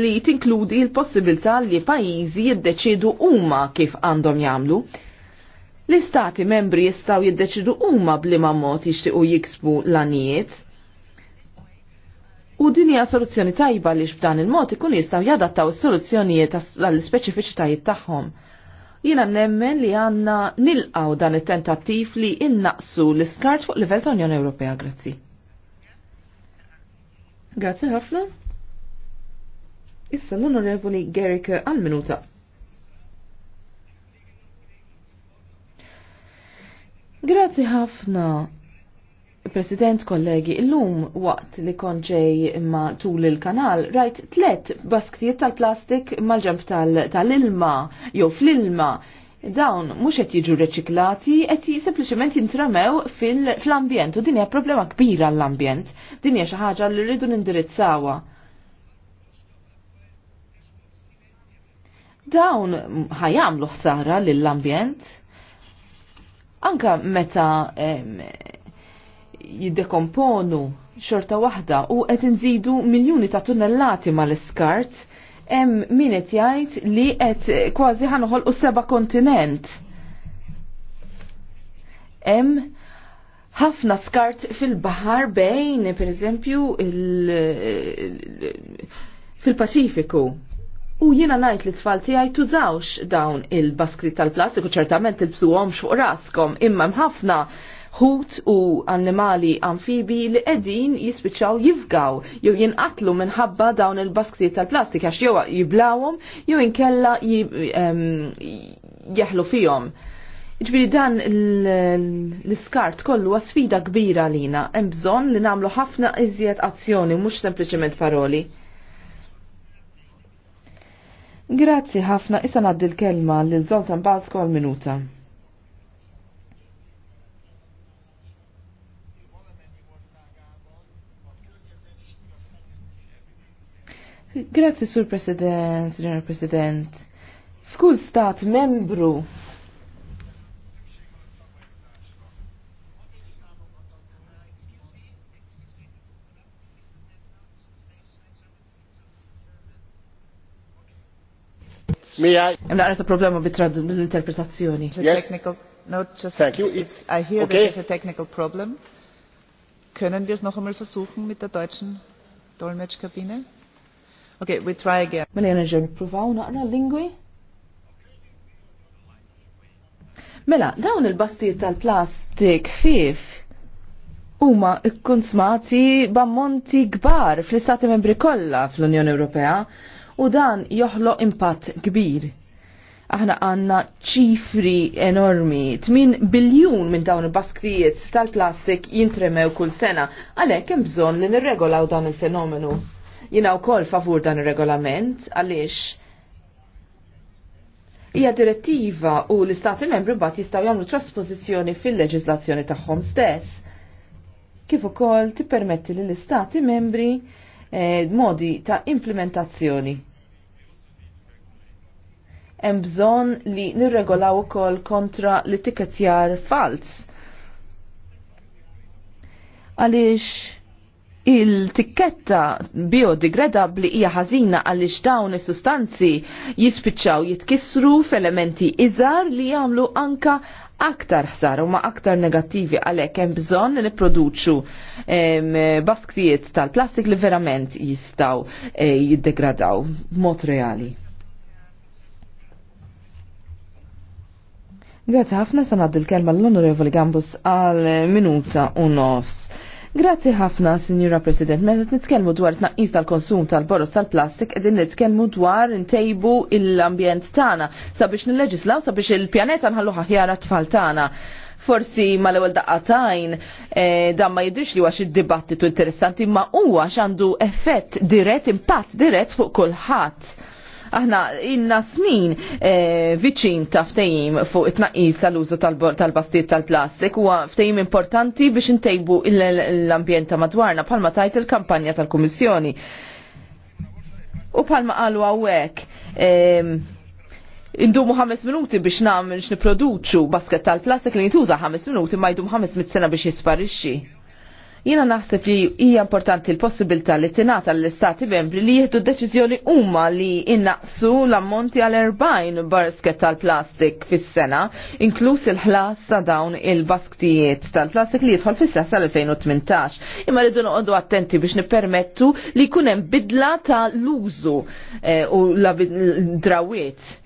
li tinkludi l-possibilità li pajjiżi jiddeċidu huma kif għandhom jagħmlu. L-istati membri jistgħu jiddeċidu huma blima mod jixtiequ jiksbu l-anijiet U din hija soluzzjoni tajba li b'dan il-mod ikun jistgħu jadattaw is-soluzzjonijiet għall-ispeċifiċitajiet tagħhom. Jiena nemmen li għandna nilqaw dan it-tentattiv li innaqsu l-iskart fuq livell ta' Unjoni Ewropea, grazzi. Grazzi ħafna. Issa l-Onorevoli Gerik għal-minuta. Grazzi ħafna. President kollegi, illum waqt li konġej imma tul il-kanal, rajt tlet basktiet tal-plastik mal-ġemp tal-ilma, -tal jew fl-ilma. Dawn mhux qed jiġu reċiklati, qed sempliċement jintramew fl-ambjent u din hija problema kbira l-ambjent. Din hija xi ħaġa li rridu nindirizzawha. Dawn ħajamlu ħsara lill-ambjent anka meta jiddekomponu xorta waħda u qed inżidu miljuni ta' tunnellati mal-iskart hemm min qed jgħid li qed kważi u seba' kontinent. Hemm ħafna skart fil-baħar bejn, pereżempju, fil-Paċifiku. U jiena ngħid li tfal tiegħi tużawx dawn il-baskri tal-plastiku ċertament tilbsuhomx fuq raskom imma hemm ħafna ħut u annimali anfibi li qegħdin jispiċċaw jifgaw jew jinqatlu minħabba dawn il-basktiet tal-plastik għax jew jiblawhom jew inkella jeħlu fihom. Ġbiri dan l-skart kollu sfida kbira lina, hemm bżonn li nagħmlu ħafna iżjed azzjoni mhux sempliċement paroli. Grazzi ħafna, issa naddi l-kelma lil Zoltan Balsko minuta Grazie, Sur President, Sr. President. F'kull stat membru Hemm naqra problema bil-interpretazzjoni. Yes. Technical, no, just Thank you. It's, I hear okay. that there's a technical problem. Können wir es noch einmal versuchen mit der deutschen Dolmetschkabine? Okay, we try again. Mela jena ġer nipruvaw naqra lingwi. Mela, dawn il-bastir tal-plastik fif huma ikkonsmati b'ammonti kbar fl-istati membri kollha fl-Unjoni Ewropea u dan joħloq impatt kbir. Aħna għanna ċifri enormi, 8 biljun minn dawn il bastijiet tal-plastik jintremew kull sena, għalhekk hemm bżonn li nirregolaw dan il-fenomenu jina u kol favur dan il-regolament għaliex hija direttiva u l-istati membri mbagħad jistgħu jagħmlu trasposizjoni fil-leġiżlazzjoni tagħhom stess. Kif ukoll tippermetti lill istati membri eh, modi ta' implementazzjoni hemm bżonn li nirregolaw ukoll kontra l-tikketjar fals. Għaliex Il-tikketta biodegradabli hija ħażina għaliex dawn is-sustanzi jispiċċaw jitkissru f'elementi iżar li jagħmlu anka aktar ħsar u ma aktar negattivi għalhekk hemm bżonn nipproduċu basktijiet tal-plastik li verament jistgħu eh, jiddegradaw b'mod reali. Grazie ħafna sanad il-kelma l-Onorevoli Gambus għal minuta u nofs. Grazzi ħafna, Signora President. mela nitkellmu dwar tnaqqis tal-konsum tal-boros tal-plastik, qegħdin nitkellmu dwar ntejbu l-ambjent tagħna sabiex nilleġislaw sabiex il-pjaneta nħallu ħjara tfal tagħna forsi ma l-ewel daqqatajn eh, dan ma jidrix li għax id-dibattitu interessanti ma huwa għandu effett dirett, impatt dirett fuq kulħadd Aħna inna snin eh, viċin ta' ftejim fuq it-naqis tal-użu tal-bastiet tal-plastik huwa ftejim importanti biex intejbu l-ambjent ta' madwarna palma tajt il-kampanja tal-Kummissjoni. U palma qalu għawek ehm, indumu 5 minuti biex namil x'niproduċu basket tal-plastik li jintuża 5 minuti ma jdum mit sena biex jisparixxi. Jiena naħseb li hija importanti l-possibilità li tingħata l-istati membri li jieħdu deċiżjoni huma li innaqsu l-ammonti għal 40 basket tal-plastik fis-sena, inkluż il-ħlas ta' dawn il-basktijiet tal-plastik li jidħol fis-seħ sal-2018. Imma rridu noqogħdu attenti biex nippermettu li jkun hemm bidla ta' l-użu eh, u la drawiet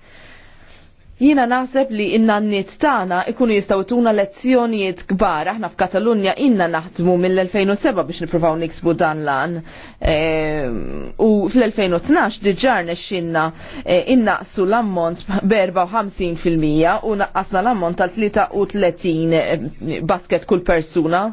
Jina naħseb li inna n-niet tana ikunu jistawtuna lezzjonijiet kbar. Aħna f'Katalunja inna naħdmu mill-2007 biex niprofaw niksbu dan lan. E, u fl-2012 diġarne inna e, innaqsu l-ammont b-54% u naqqasna l-ammont tal-33 e, basket kull persuna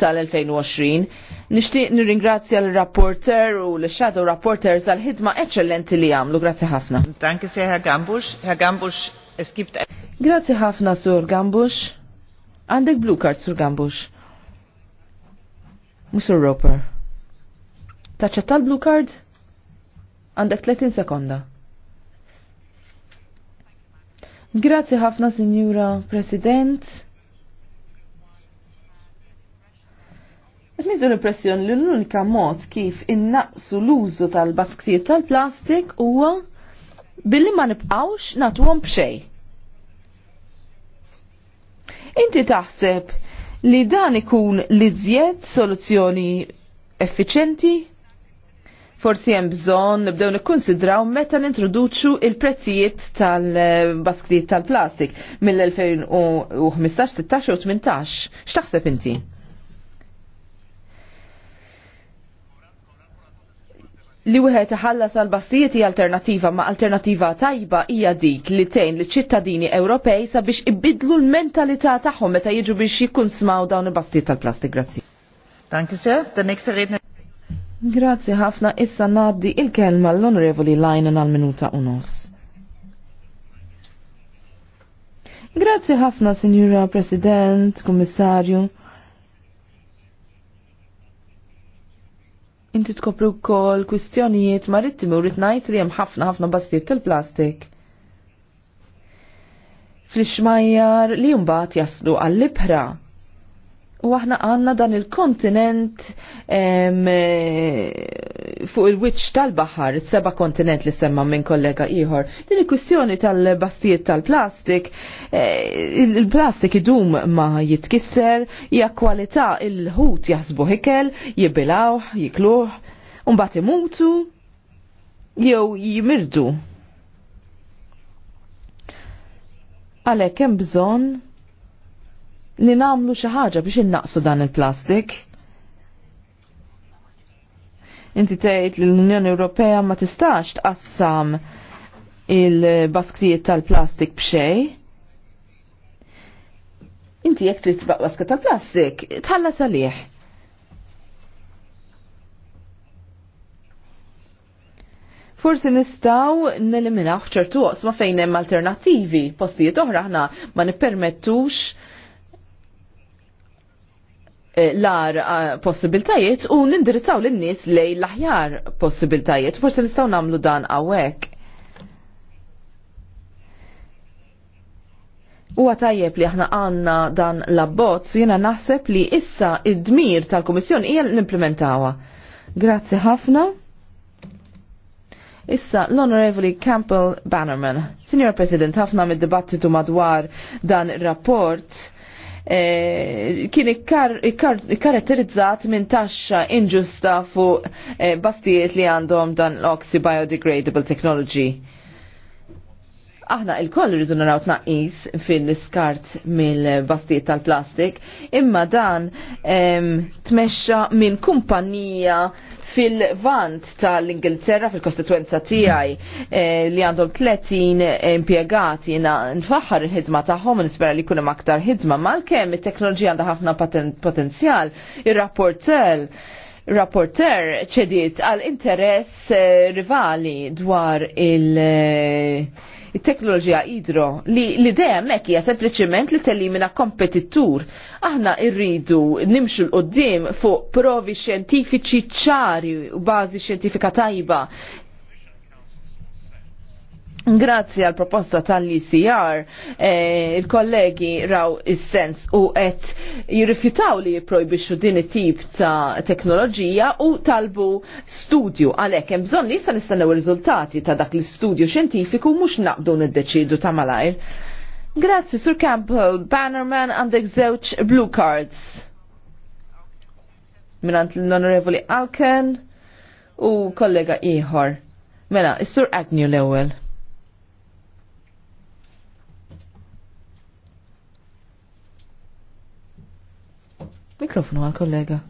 sal-2020. nir nirringrazzja l-rapporter u l-shadow rapporters għal ħidma eccellenti li għamlu. Grazzi ħafna. Danke se Herr Gambus. Herr Gambus, es gibt... Grazzi ħafna, Sur Gambus. Għandek blue card, Sur Gambus. Musur Roper. Taċċetta l-blue card? Għandek 30 sekonda. Grazzi ħafna, Signora President. Nidu l-impressjoni li l-unika mod kif innaqsu l-użu tal-basktijiet tal-plastik huwa billi ma nibqawx natuhom b'xej. Inti taħseb li dan ikun li zjed soluzzjoni effiċenti? Forsi hemm bżonn nibdew nikkunsidraw meta nintroduċu il-prezzijiet tal-basktijiet tal-plastik mill-2015, 16 u 18. X'taħseb inti? li wieħed iħallas għal bassijiet alternattiva ma' alternattiva tajba hija dik li tgħin liċ ċittadini Ewropej sabiex ibidlu l-mentalità tagħhom meta jiġu biex jikkunsmaw dawn il-bassijiet tal-plastik. Grazzi. Danke sehr. Der nächste Redner. Grazzi ħafna issa ngħaddi il-kelma l-Onorevoli Lajnen għal minuta u nofs. Grazzi ħafna, Signora President, Kummissarju. Inti tkopru kol kwistjonijiet marittimi u ritnajt li jem ħafna ħafna bastiet tal-plastik. Fl-xmajjar li jumbat jaslu għall-libħra U aħna għanna dan il-kontinent e, fuq il witx tal-bahar, seba kontinent li semma minn kollega iħor. Din il kussjoni tal-bastijiet tal-plastik, e, il-plastik idum ma jitkisser, hija kwalità il-ħut jaħsbu hikel, jibilawħ, jikluħ, un-bat imutu, jew jimirdu. Għalek hemm bżonn li namlu xi ħaġa biex innaqsu dan il-plastik. Inti tgħid li l-Unjoni Ewropea ma tistax tqassam il-basktijiet tal-plastik b'xej. Inti jekk trid tbaq baska tal-plastik, tħalla salih. Forsi nistaw neliminaw ċertu ma fejn hemm alternattivi, postijiet oħra aħna ma nippermettux l possibiltajiet u nindirizzaw l-nis lej l-aħjar possibiltajiet. Forse nistaw namlu dan għawek. U għatajjeb li aħna għanna dan l-abbozz, jena naħseb li issa id-dmir tal-Komissjoni hija l-implementawa. Grazzi ħafna. Issa l-Honorevoli Campbell Bannerman, Signor President, ħafna mid-dibattitu madwar dan il-rapport Eh, kien ikkaratterizzat minn taxxa inġusta fuq eh, bastijiet li għandhom dan l-oxy biodegradable technology aħna il-koll rridu naraw tnaqqis fil-skart mill bastijiet tal-plastik, imma dan tmexxa minn kumpanija fil-vant tal-Ingilterra fil-kostituenza tiegħi eh, li għandhom 30 eh, impjegati na nfaħħar il-ħidma tagħhom nispera li kunem aktar ħidma malkemm it-teknoloġija għandha ħafna potenzjal. Ir-rapportel rapporter ċediet għal interess eh, rivali dwar il- it-teknoloġija idro li l-idea mek hija sempliċement li telimina kompetittur. Aħna rridu nimxu l qoddim fuq provi xjentifiċi ċari u bażi xjentifika tajba Grazzi għal proposta tal-ICR, eh, il-kollegi raw is-sens u qed jirrifjutaw li jipprojbixxu din it-tip ta' teknoloġija u talbu studju għalhekk hemm bżonn li jista' nistennew ir ta' dak l-istudju xjentifiku mhux naqbdu niddeċidu ta' malajr. Grazzi, Sur Campbell, Bannerman għandek żewġ blue cards. Minant l-Onorevoli Alken u kollega ieħor. Mela, is-Sur Agnew l-ewwel. Mikrofonu għal kollega.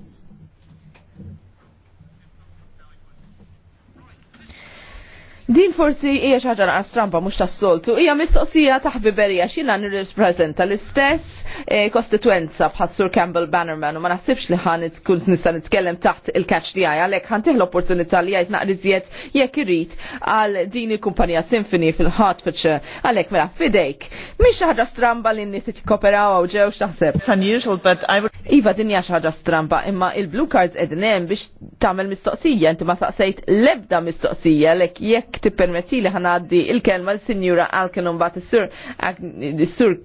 Din forsi hija xi ħaġa naqas mhux tas-soltu, hija mistoqsija ta' ħbiberija x'ina nirrippreżenta l-istess eh, kostituenza bħassur Campbell Bannerman u ma naħsibx li ħan tkun nista' nitkellem taħt il-catch di għaj għalhekk ħan l-opportunità li jgħid naqriżiet jekk irid għal din il-kumpanija Symphony fil-Hertfordshire għalhekk mela fidejk. Mhix xi ħaġa stramba li n-nies jikkoperaw għaw ġew x'taħseb. Iva din hija xi ħaġa stramba, imma il-blue cards qegħdin hemm biex tagħmel mistoqsija, inti ma saqsejt l-ebda mistoqsija lek jekk jekk tippermetti li ħanaddi il-kelma l-Sinjura Alken un bat is-Sur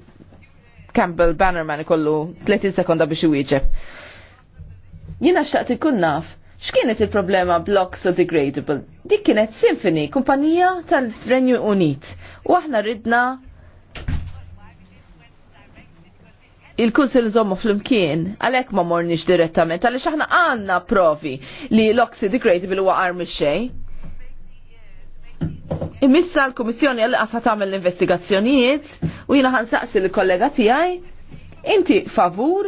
Campbell Bannerman kollu 30 sekonda biex iwieġeb. Jiena xaqt ikun naf x'kienet il-problema blocks so degradable? Dik kienet Symphony, kumpanija tal-Renju Unit. U aħna ridna il-kunsil zommu fl-imkien, għalek ma mornix direttament, għalix aħna għanna provi li l-oxy degradable huwa armi xej. Imissa l-Komissjoni għal qasa tagħmel l-investigazzjonijiet u jiena ħansaqsi l-kollega tiegħi inti favur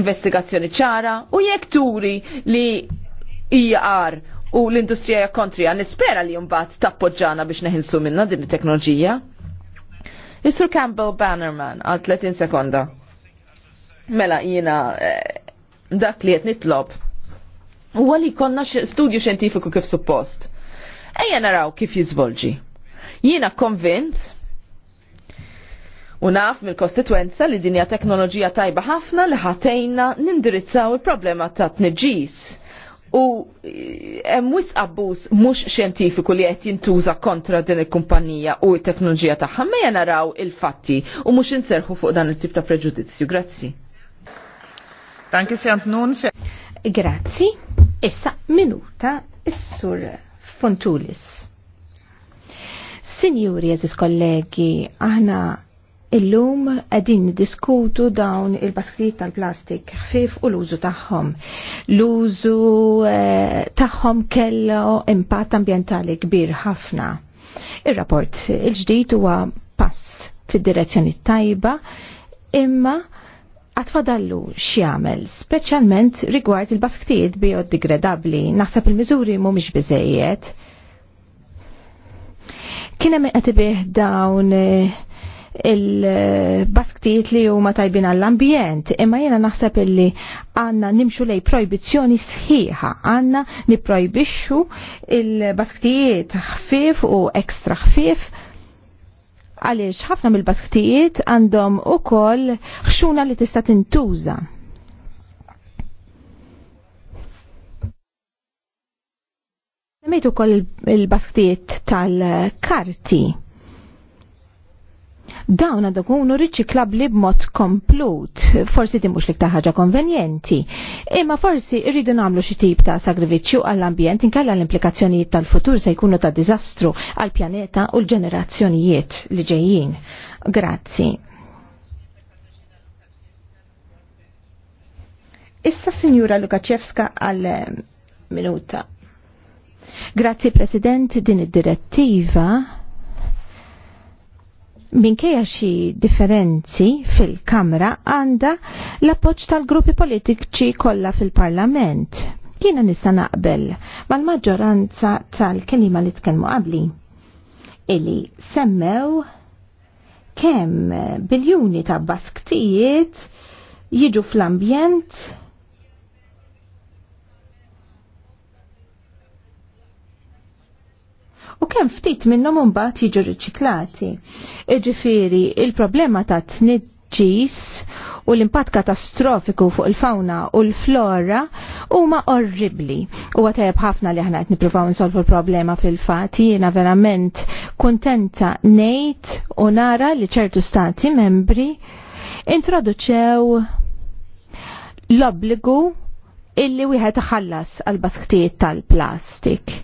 investigazzjoni ċara u jekk turi li IR u l-industrija kontrija nispera li jumbat tappoġġana biex neħilsu minna din it-teknoloġija. Isur Campbell Bannerman għal 30 sekonda. Mela jiena eh, dak li qed nitlob. U għalli konna studju xentifiku kif suppost Ejja naraw kif jizvolġi. Jiena konvint u naf mill-kostituenza li dinja teknoloġija tajba ħafna li ħatejna nindirizzaw il-problema ta' tneġis u eh, hemm wisq abbuż mhux xjentifiku li qed jintuża kontra din il-kumpanija u t-teknoloġija tagħha mejja naraw il-fatti u mhux inserħu fuq dan it-tip ta' preġudizzju. Grazzi. Danke se nun. Grazzi. Issa minuta is-sur Fontulis. Sinjuri, eżis kollegi, aħna Illum għedin diskutu dawn il-basktijiet tal-plastik ħfif u l-użu tagħhom. L-użu eh, tagħhom kellu impatt ambjentali kbir ħafna. Ir-rapport il il-ġdid huwa pass fid-direzzjoni tajba imma għatfadallu xjamel, specialment rigward il-basktijiet biodegradabli, naħseb il-mizuri mumiex biżejjed. Kienem għetibih dawn eh, il-basktijiet li huma tajbin għall-ambjent, imma jena naħseb illi għanna nimxu lej projbizzjoni sħiħa, għanna niprojbixxu il-basktijiet ħfif u ekstra ħfif għaliex ħafna mill-basktijiet għandhom ukoll ħxuna li tista' tintuża. Semmejtu ukoll il-basktijiet tal-karti dawn għandhom ikunu riċiklabli b'mod komplut. Forsi timux li ħaġa konvenjenti. Imma forsi rridu nagħmlu xi tip ta' sagrifiċċju għall-ambjent inkella l-implikazzjonijiet tal-futur se jkunu ta' diżastru għall-pjaneta u l-ġenerazzjonijiet li ġejjin. Grazzi. Issa Signora Lukaċevska għal eh, minuta. Grazzi President din id-direttiva minkejja xi differenzi fil-Kamra għandha l-appoġġ tal-gruppi politiċi kollha fil-Parlament. Kiena nista' naqbel mal-maġġoranza tal-kelima li tkellmu qabli illi semmew kemm biljuni ta' basktijiet jiġu fl-ambjent u kemm ftit minnhom imbagħad jiġu riċiklati. Iġifieri il-problema ta' tniġġis u l-impatt katastrofiku fuq il-fawna u l-flora huma orribli. U għatajab ħafna li ħanajt qed nippruvaw l-problema fil-fatt jiena verament kuntenta ngħid u nara li ċertu stati membri introduċew l-obbligu illi wieħed ħallas għal basktijiet tal-plastik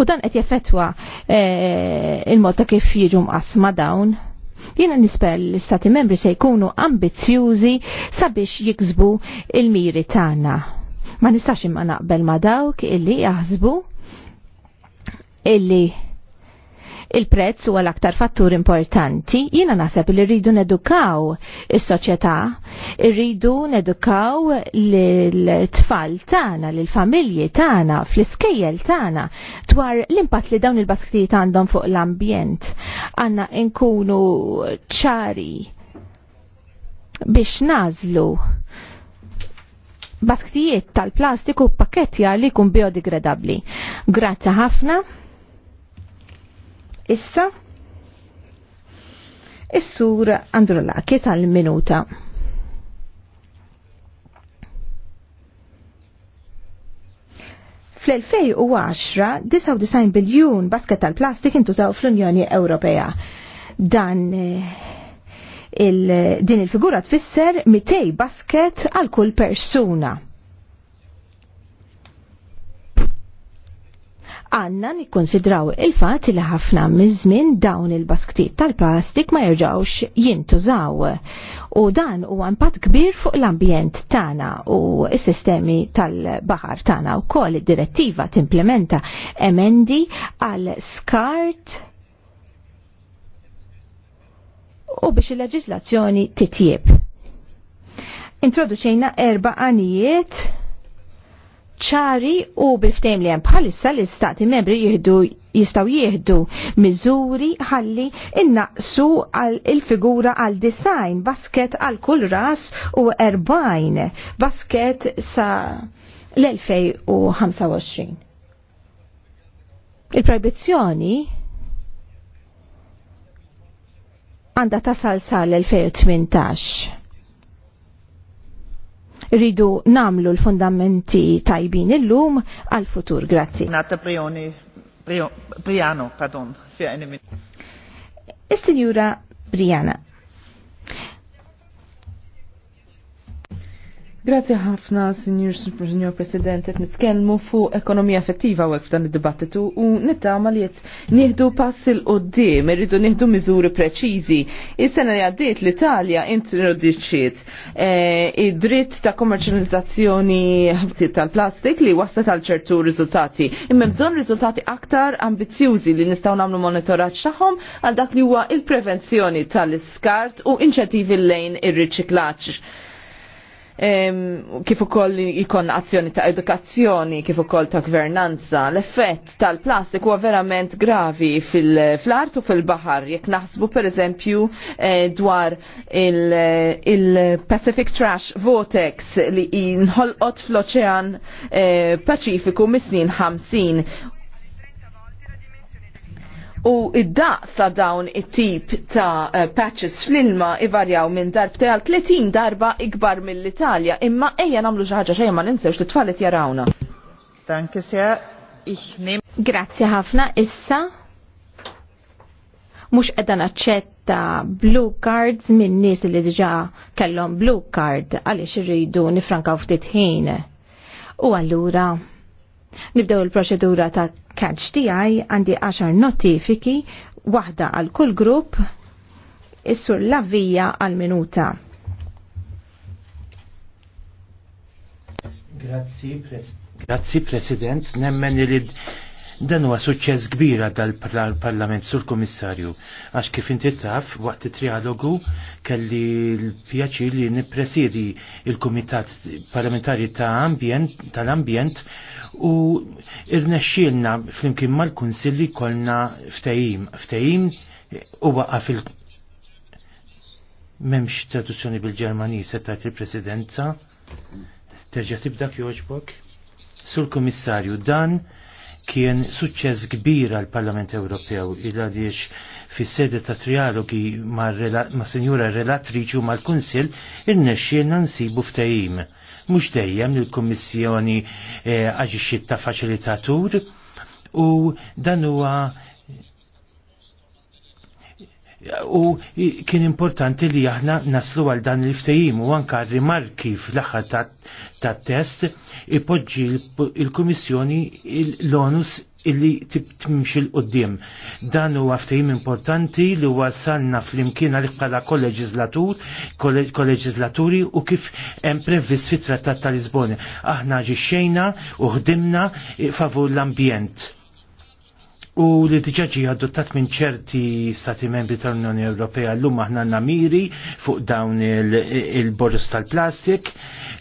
u dan qed jeffettwa eh, il-mod ta' kif jiġu mqasma dawn. Jiena nisper l-istati membri se jkunu ambizzjużi sabiex jiksbu il-miri tagħna. Ma nistax imma naqbel ma dawk illi jaħsbu illi il-prezz huwa l-aktar fattur importanti, jiena naħseb li rridu nedukaw is-soċjetà, rridu nedukaw l-tfal tagħna, lill-familji tagħna, fl-iskejjel tagħna dwar l-impatt li dawn il-basktijiet għandhom fuq l-ambjent. Għandna nkunu ċari biex nażlu basktijiet tal-plastiku pakkettja li jkun biodegradabli. Grazzi ħafna. Issa, Is-sur Androlakis għal-minuta. Fl-2010, 99 biljun basket tal-plastik intużaw fl-Unjoni Ewropea. Dan eh, il, din il-figura tfisser 200 basket għal kull persuna. għanna nikkonsidraw il-fat li ħafna mizmin dawn il-basktiet tal-plastik ma jirġawx jintużaw. U dan u impatt kbir fuq l-ambjent tana u s-sistemi tal-bahar tana u kol id-direttiva timplementa emendi għal skart u biex il-leġislazzjoni titjib. Introduċejna erba' għanijiet ċari u bil ftem li hemm bħalissa l-istati membri jihdu jistaw jieħdu miżuri ħalli innaqsu għal il-figura għal design basket għal kull ras u erbajn basket sa l-2025. Il-proibizzjoni għanda tasal sa l-2018 rridu namlu l-fundamenti tajbin illum għal-futur. Grazzi. Nata Prioni, Priano, pardon, fi Is-Sinjura Briana. Grazie ħafna, Signor Signor President, et nitkellmu fuq ekonomija effettiva u f'dan id-dibattitu u nittama li jett nieħdu pass il-qoddim, irridu nieħdu miżuri preċiżi. Is-sena li għaddiet l-Italja introduċiet eh, id-dritt ta' kommerċjalizzazzjoni tal-plastik li waslet għal ċertu riżultati. Imma bżonn riżultati aktar ambizzjużi li nistgħu nagħmlu monitoraġġ tagħhom għal dak li huwa il-prevenzjoni tal-iskart u inċettivi lejn ir-riċiklaġġ kif ukoll jkun azzjoni ta' edukazzjoni, kif ukoll ta' gvernanza. L-effett tal-plastik huwa verament gravi fil-art u fil-baħar. Jekk naħsbu pereżempju eh, dwar il-Pacific Trash Vortex li jinħolqot fl-Oċean eh, Paċifiku mis-snin 50 U id-daqs ta' dawn it-tip ta' eh, patches fl-ilma ivarjaw minn darb għal 30 darba ikbar mill-Italja, imma ejja namlu ġaħġa xejn ma ninsewx li tfallet jarawna. Danke sehr, ich nehm. Grazzi ħafna, issa mux edha naċċetta blue cards minn nies li diġa kellhom blue card għaliex irridu nifrankaw ftit ħin. U allura nibdew il-proċedura ta' catch tiegħi għandi 10 notifiki waħda għal kull grupp is-sur lavija għal minuta. Grazzi, pres Grazzi President, nemmen li Dan huwa suċċess kbira dal-Parlament sul kummissarju għax kif inti taf waqt trialogu kelli l pjaċi li nippresidi il-Kumitat Parlamentari ta' Ambjent tal-Ambjent u irnexxielna flimkien mal-Kunsilli kolna ftehim. Ftehim waqaf fil memx traduzzjoni bil-Ġermani settat il-presidenza, terġa tibda kjoġbok, sul komissarju dan kien suċċess kbir għal Parlament Ewropew il għaliex fis sede ta' trialogi ma', senjura relatriċu u mal-Kunsil irnexxielna nsibu ftehim. Mhux dejjem li l-Kummissjoni eh, aġixxiet ta' faċilitatur u dan huwa u kien importanti li aħna naslu għal dan il-ftejim u anka rimarki fl-aħħar ta', test ipoġġi il-Kummissjoni l-onus illi timxil qoddim. Dan huwa ftehim importanti li wasalna fl-imkien għalik bħala kolleġizlatur, kolleġizlaturi u kif hemm previst fit-Trattat ta' Lisbona. Aħna ġixxejna u ħdimna favur l-ambjent u li diġaġi adottat minn ċerti stati membri tal-Unjoni Ewropea l-lum aħna namiri fuq dawn il-borus tal-plastik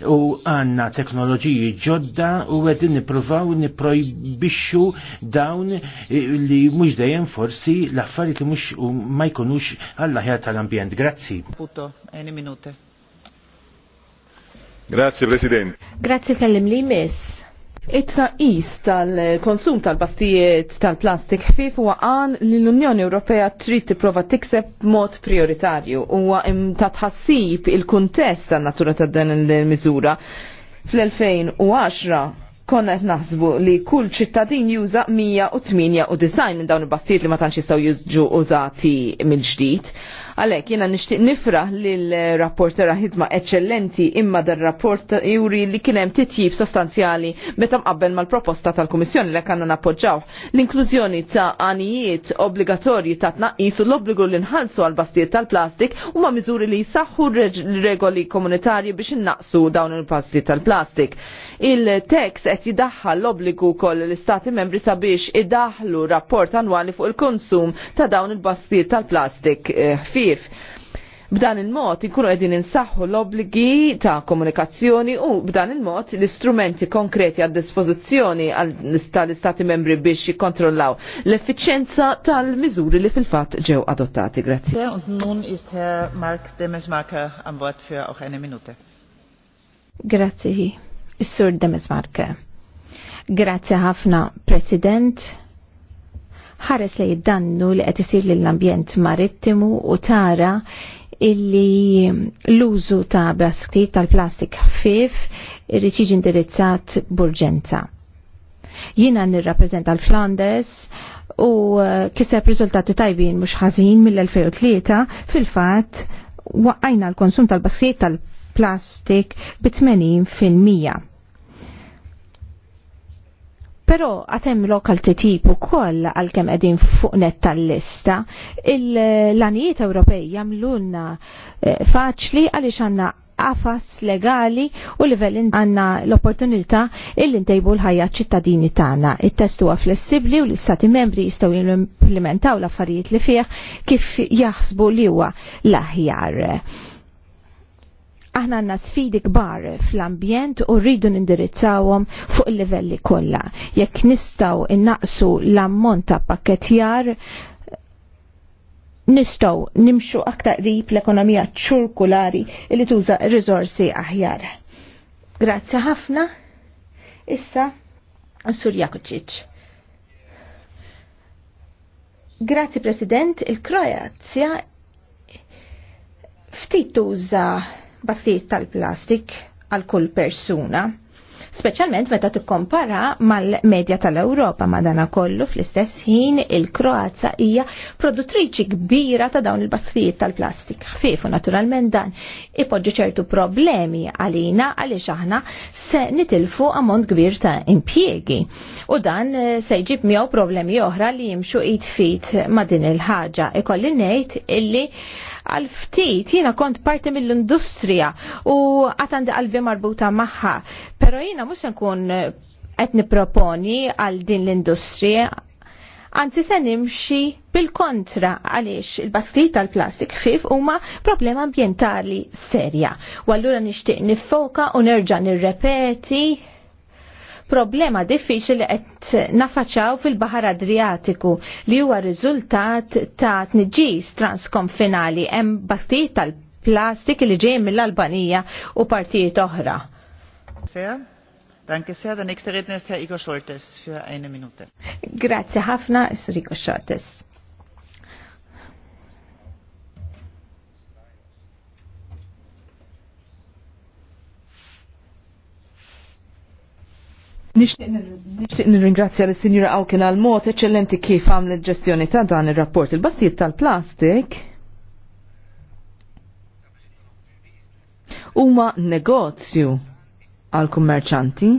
u għanna teknoloġiji ġodda u għedin nipruvaw niprojbixxu dawn li mux dejjem forsi l-affarijiet li mux ma jkunux għall-ħajja tal-ambjent. Grazzi. Puto, eni minute. Grazie President. Grazie kellim li miss. It-tnaqis tal-konsum tal-bastijiet tal-plastik ħfif huwa għan li l-Unjoni Ewropea trid tipprova tikseb mod prioritarju huwa ta' tħassib il-kuntest tan-natura ta' dan il-miżura. Fl-2010 konna qed naħsbu li kull ċittadin juża u design minn dawn il-bastijiet li ma tantx jistgħu jiġu użati mill-ġdid Għalek, jena nishtiq nifra li l-rapport ra ħidma eccellenti imma dar rapport juri li kienem titjib sostanzjali meta mqabbel mal-proposta tal-Komissjoni li kanna nappoġġaw. L-inklużjoni ta' għanijiet obbligatorji ta' tnaqis u l-obbligu li nħalsu għal-bastiet tal-plastik u ma' miżuri li jisaxħu regoli komunitarji biex innaqsu dawn il-bastiet tal-plastik. Il-tekst qed jidaħħal l-obbligu koll l-Istati membri sabiex idaħlu rapport annwali fuq il-konsum ta' dawn il-bastijiet tal-plastik eh, ħfief. B'dan il-mod ikunu qegħdin insaħħu l-obbligi ta' komunikazzjoni u b'dan il-mod l-istrumenti konkreti għad dispożizzjoni tal-Istati membri biex jikkontrollaw l-effiċenza tal-miżuri li fil-fatt ġew adottati. Grazie. nun ist Herr Mark Demesmarker am Wort für auch eine Minute. Grazie sur Demesmarke. Grazzi ħafna, President. Ħares li jiddannu li qed isir lill-ambjent marittimu u tara illi l-użu ta' baskti tal-plastik ħfif irrid jiġi indirizzat burġenza. Jiena nirrappreżenta l-Flanders u uh, kiseb riżultati tajbin mhux ħażin mill-2003 fil-fatt waqqajna l-konsum tal-basktijiet tal baskti tal plastik bi 80%. Pero għatem lokal titip u koll għal-kem edin fuq net tal-lista, il-lanijiet Ewropej jamlunna eh, faċli għalix għanna għafas legali u livell għanna l-opportunità illi ntejbu l-ħajja ċittadini tagħna. Il-test huwa flessibli u l-istati membri jistgħu jimplementaw l-affarijiet li fih kif jaħsbu li huwa l-aħjar. Aħna għanna sfidi kbar fl-ambjent u rridu nindirizzawhom fuq il-livelli kollha. Jekk nistgħu innaqsu l-ammont ta' pakketjar nistgħu nimxu aktar qrib l-ekonomija ċirkulari li tuża riżorsi aħjar. Grazzi ħafna. Issa Sur Jakuċiċ. Grazzi President, il-Kroazja ftit tuża bastijiet tal-plastik għal kull persuna speċjalment meta tikkompara mal-medja tal-Ewropa madana kollu fl-istess ħin il kroazza hija produttriċi kbira ta' dawn il bastijiet tal-plastik. Ħfifu naturalment dan ipoġġi ċertu problemi għalina għaliex aħna se nitilfu ammont kbir ta' impjiegi. U dan eh, se jġib miegħu problemi oħra li jimxu id fit ma' din il-ħaġa. Ikolli ngħid illi għal ftit jiena kont parti mill-industrija u għatandi qalbi marbuta magħha, però jiena mhux nkun eh, qed niproponi għal din l-industrija Anzi se nimxi bil-kontra għaliex il-basklit tal-plastik fif huma problema ambientali serja. U allura nixtieq nifoka u nerġa' nirrepeti problema diffiċli li qed nafaċaw fil-Baħar Adriatiku li huwa riżultat ta' tniġġis transkonfinali hemm bastijiet tal-plastik li ġej mill-Albanija u partijiet oħra. Danke sehr. Der nächste Redner ist Herr Igor Scholtes für eine Minute. Grazie ħafna, Rico Scholtes. Nixtieq nirringrazzja l sinjura Awkin għal mod eċċellenti kif l ġestjoni ta' dan ir-rapport. Il-bastijiet tal-plastik huma negozju għal kummerċanti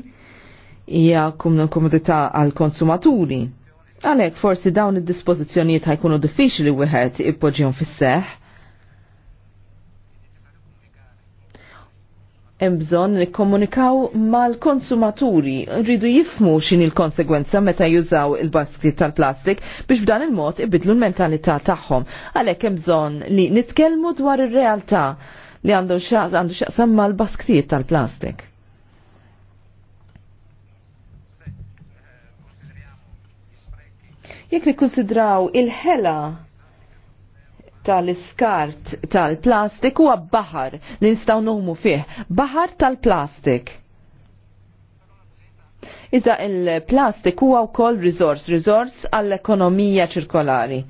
hija komodità għal konsumaturi. Għalhekk forsi dawn id-dispożizzjonijiet ħajkunu diffiċli wieħed ippoġġihom fis-seħħ, hemm bżonn nikkomunikaw mal-konsumaturi, rridu jifmu x'in il-konsegwenza meta jużaw il-baskti tal-plastik biex b'dan il-mod ibidlu l-mentalità tagħhom. Għalhekk hemm bżonn li nitkellmu dwar ir-realtà li għandu xaqsam mal-basktijiet tal-plastik. Jekk nikkonsidraw il-ħela tal-iskart tal-plastik huwa baħar li nistgħu nuħmu fih, baħar tal-plastik. Iżda il-plastik huwa wkoll riżors, riżors għall-ekonomija ċirkolari.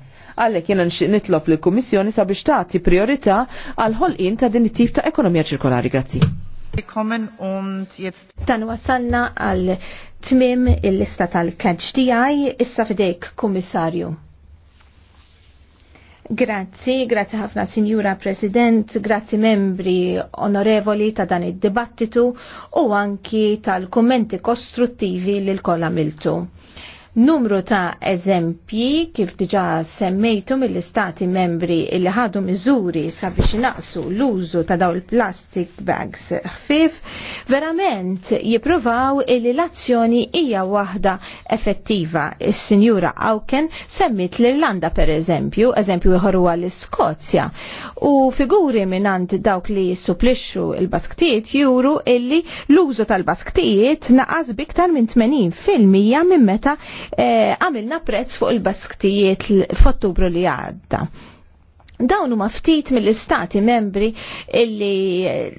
Għallek jena nitlob li l-Kummissjoni sabiex tagħti priorità għal ħolqien ta' din it-tip ta' ekonomija ċirkolari. Grazzi. Tan wasalna għal tmim il-lista tal-kedġ tiegħi issa fidejk, Kummissarju. Grazzi, grazzi ħafna Sinjura President, grazzi membri onorevoli ta' dan id-dibattitu u anki tal-kommenti kostruttivi li l-kolla miltu numru ta' eżempji kif diġa semmejtu mill-istati membri li ħadu miżuri sabiex naqsu l-użu ta' daw il-plastic bags ħfif, verament jipruvaw li l-azzjoni hija waħda effettiva. Is-Sinjura Awken semmit l-Irlanda per eżempju, eżempju jħorru għall-Iskozja. U figuri minnant dawk li supplixxu il-basktijiet juru illi l-użu tal-basktijiet naqas biktar minn 80% minn meta Eh, għamilna prezz fuq il-basktijiet f'Ottubru li għadda. Dawn huma ftit mill-istati membri illi eh,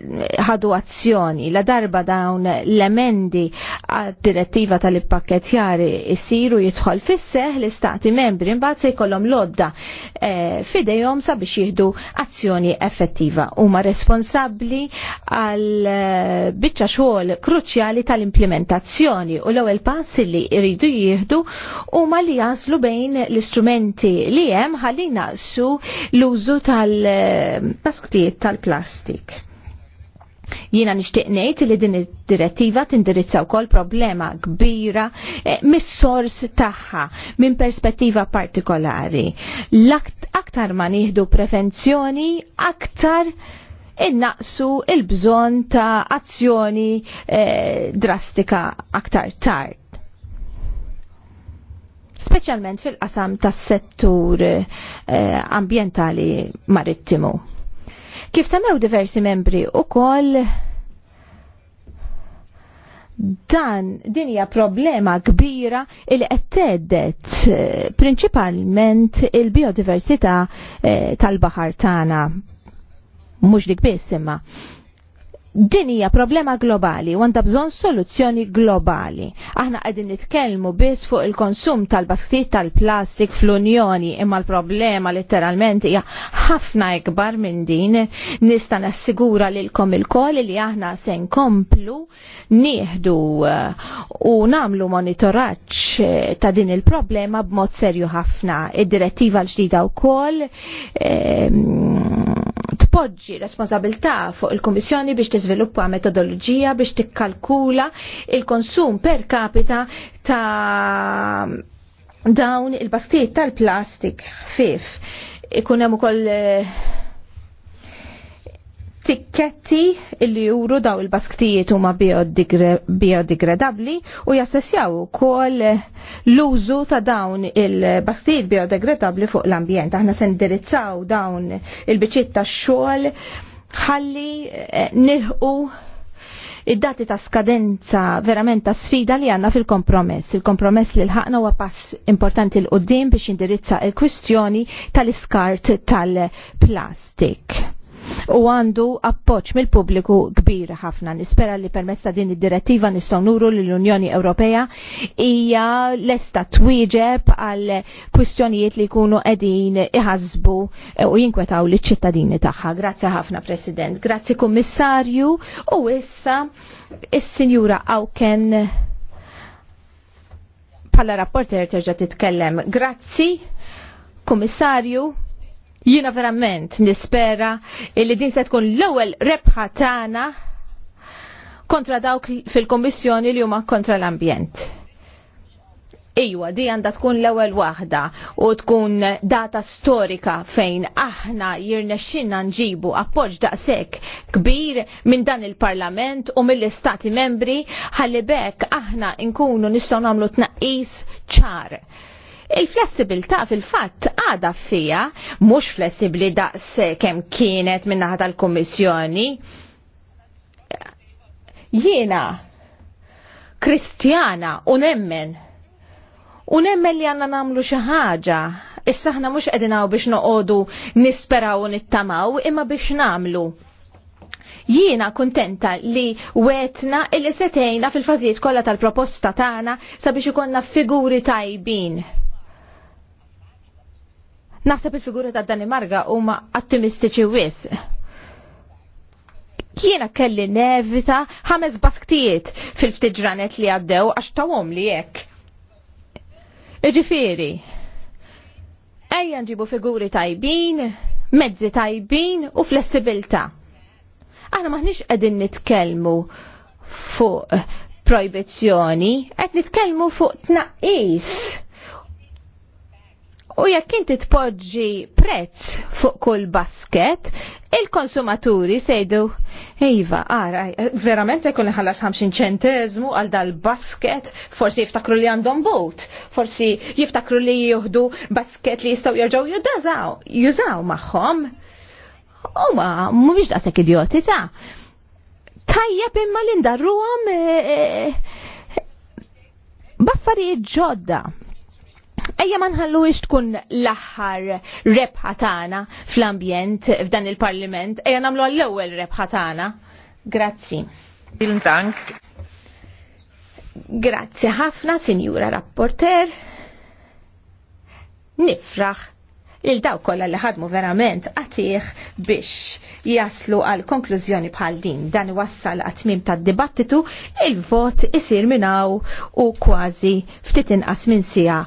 ħadu azzjoni la darba dawn l-emendi għad-direttiva tal-ippakkettjar isiru jidħol fisseħ l-istati membri mbagħad se jkollhom lodda eh, fidejhom sabiex jieħdu azzjoni effettiva. Huma responsabbli għal eh, biċċa xogħol kruċjali tal-implementazzjoni u l-ewwel pass li jridu jieħdu huma li jaslu bejn l-istrumenti li hemm ħalli naqsu l l-użu tal-basktijiet eh, tal-plastik. Jiena nixtieq ngħid li din id-direttiva tindirizza wkoll problema kbira eh, mis-sors tagħha minn perspettiva partikolari. L-aktar ma nieħdu prevenzjoni, aktar innaqsu il-bżon ta' azzjoni eh, drastika aktar tard speċjalment fil-qasam tas-settur eh, ambientali marittimu. Kif semmew diversi membri u kol dan din hija problema kbira il qed eh, prinċipalment il-biodiversità eh, tal-baħar tagħna mhux dik biss imma Din hija problema globali u għandha bżonn soluzzjoni globali. Aħna qegħdin nitkellmu biss fuq il-konsum tal-basktijiet tal-plastik fl-Unjoni imma l-problema letteralment hija ħafna ikbar minn din. Nista' nassigura lilkom ilkoll li aħna se nkomplu nieħdu uh, u nagħmlu monitoraġġ uh, ta' din il-problema b'mod serju ħafna. Id-direttiva l-ġdida wkoll um, tpoġġi responsabilità fuq il-Kummissjoni biex tiżviluppa metodoloġija biex tikkalkula il-konsum per capita ta' dawn il-bastiet tal-plastik ħfief. Ikun hemm ukoll eh, tikketti illi juru daw il-basktijiet huma biodegradabbli u jassessjaw ukoll l-użu ta' dawn il-basktijiet biodegradabbli fuq l-ambjent. Aħna se ndirizzaw dawn il-biċiet tax-xogħol ħalli eh, nilħu id-dati ta' skadenza verament ta' sfida li għanna fil-kompromess. Il-kompromess li l-ħakna huwa pass importanti l-qoddim biex indirizza il-kwistjoni tal-iskart tal-plastik u għandu appoġġ mill-pubbliku kbir ħafna. Nispera li permezz ta' din id-direttiva nistgħu li l-Unjoni Ewropea hija lesta twieġeb għal kwistjonijiet li jkunu qegħdin iħasbu eh, u jinkwetaw li ċittadini tagħha. Grazzi ħafna President, Grazie, Kommissarju. u issa il sinjura Awken bħala rapporter terġa' titkellem. Grazzi, kommissarju. Jiena verament nispera li din se tkun l-ewwel rebħa tagħna kontra dawk fil kummissjoni li huma kontra l-ambjent. Iwa, di għanda tkun l-ewwel waħda u tkun data storika fejn aħna jirnexxinna nġibu appoġġ daqshekk kbir minn dan il-Parlament u mill-Istati Membri ħalli bekk aħna nkunu nistgħu nagħmlu tnaqqis ċar il ta' fil-fatt għada fija, mhux flessibli daqs kemm kienet min-naħa tal-Kummissjoni. Jiena Kristjana u nemmen. U nemmen li għanna namlu xi ħaġa. Issa ħna mhux qegħdinaw biex noqogħdu nisperaw u nittamaw imma biex namlu jiena kontenta li wetna il setejna fil-fazijiet kollha tal-proposta tagħna sabiex ikonna figuri tajbin Naħseb il-figura ta' Danimarga huma ottimistiċi wis. Jiena kelli nevita ħames basktijiet fil ftiġranet li għaddew għax tawom li hekk. Iġifiri, ejja nġibu figuri tajbin, mezzi tajbin u flessibilta. Aħna maħniex qegħdin nitkellmu fuq proibizzjoni, qed nitkellmu fuq tnaqqis U jekk inti tpoġġi prezz fuq kull basket, il-konsumaturi sejdu Iva, ara, verament jekun ħallas 50 ċentezmu għal dal-basket, forsi jiftakru li għandhom bot, forsi jiftakru li juhdu basket li jistaw jirġaw jużaw, jużaw maħħom. U ma, mux daqsek idioti ta' tajjeb imma l-indarru eh, eh, baffarijiet ġodda Ejja ma nħallu tkun l-aħħar rebħa tagħna fl-ambjent f'dan il-Parlament, ejja nagħmlu għall-ewwel rebħa tagħna. Grazzi. tank Grazzi ħafna, Sinjura Rapporter. Nifraħ lil daw kollha li ħadmu verament għatih biex jaslu għal konklużjoni bħal din. Dan wassal għatmim tad dibattitu il-vot isir minnaw u kważi ftit inqas minn sija.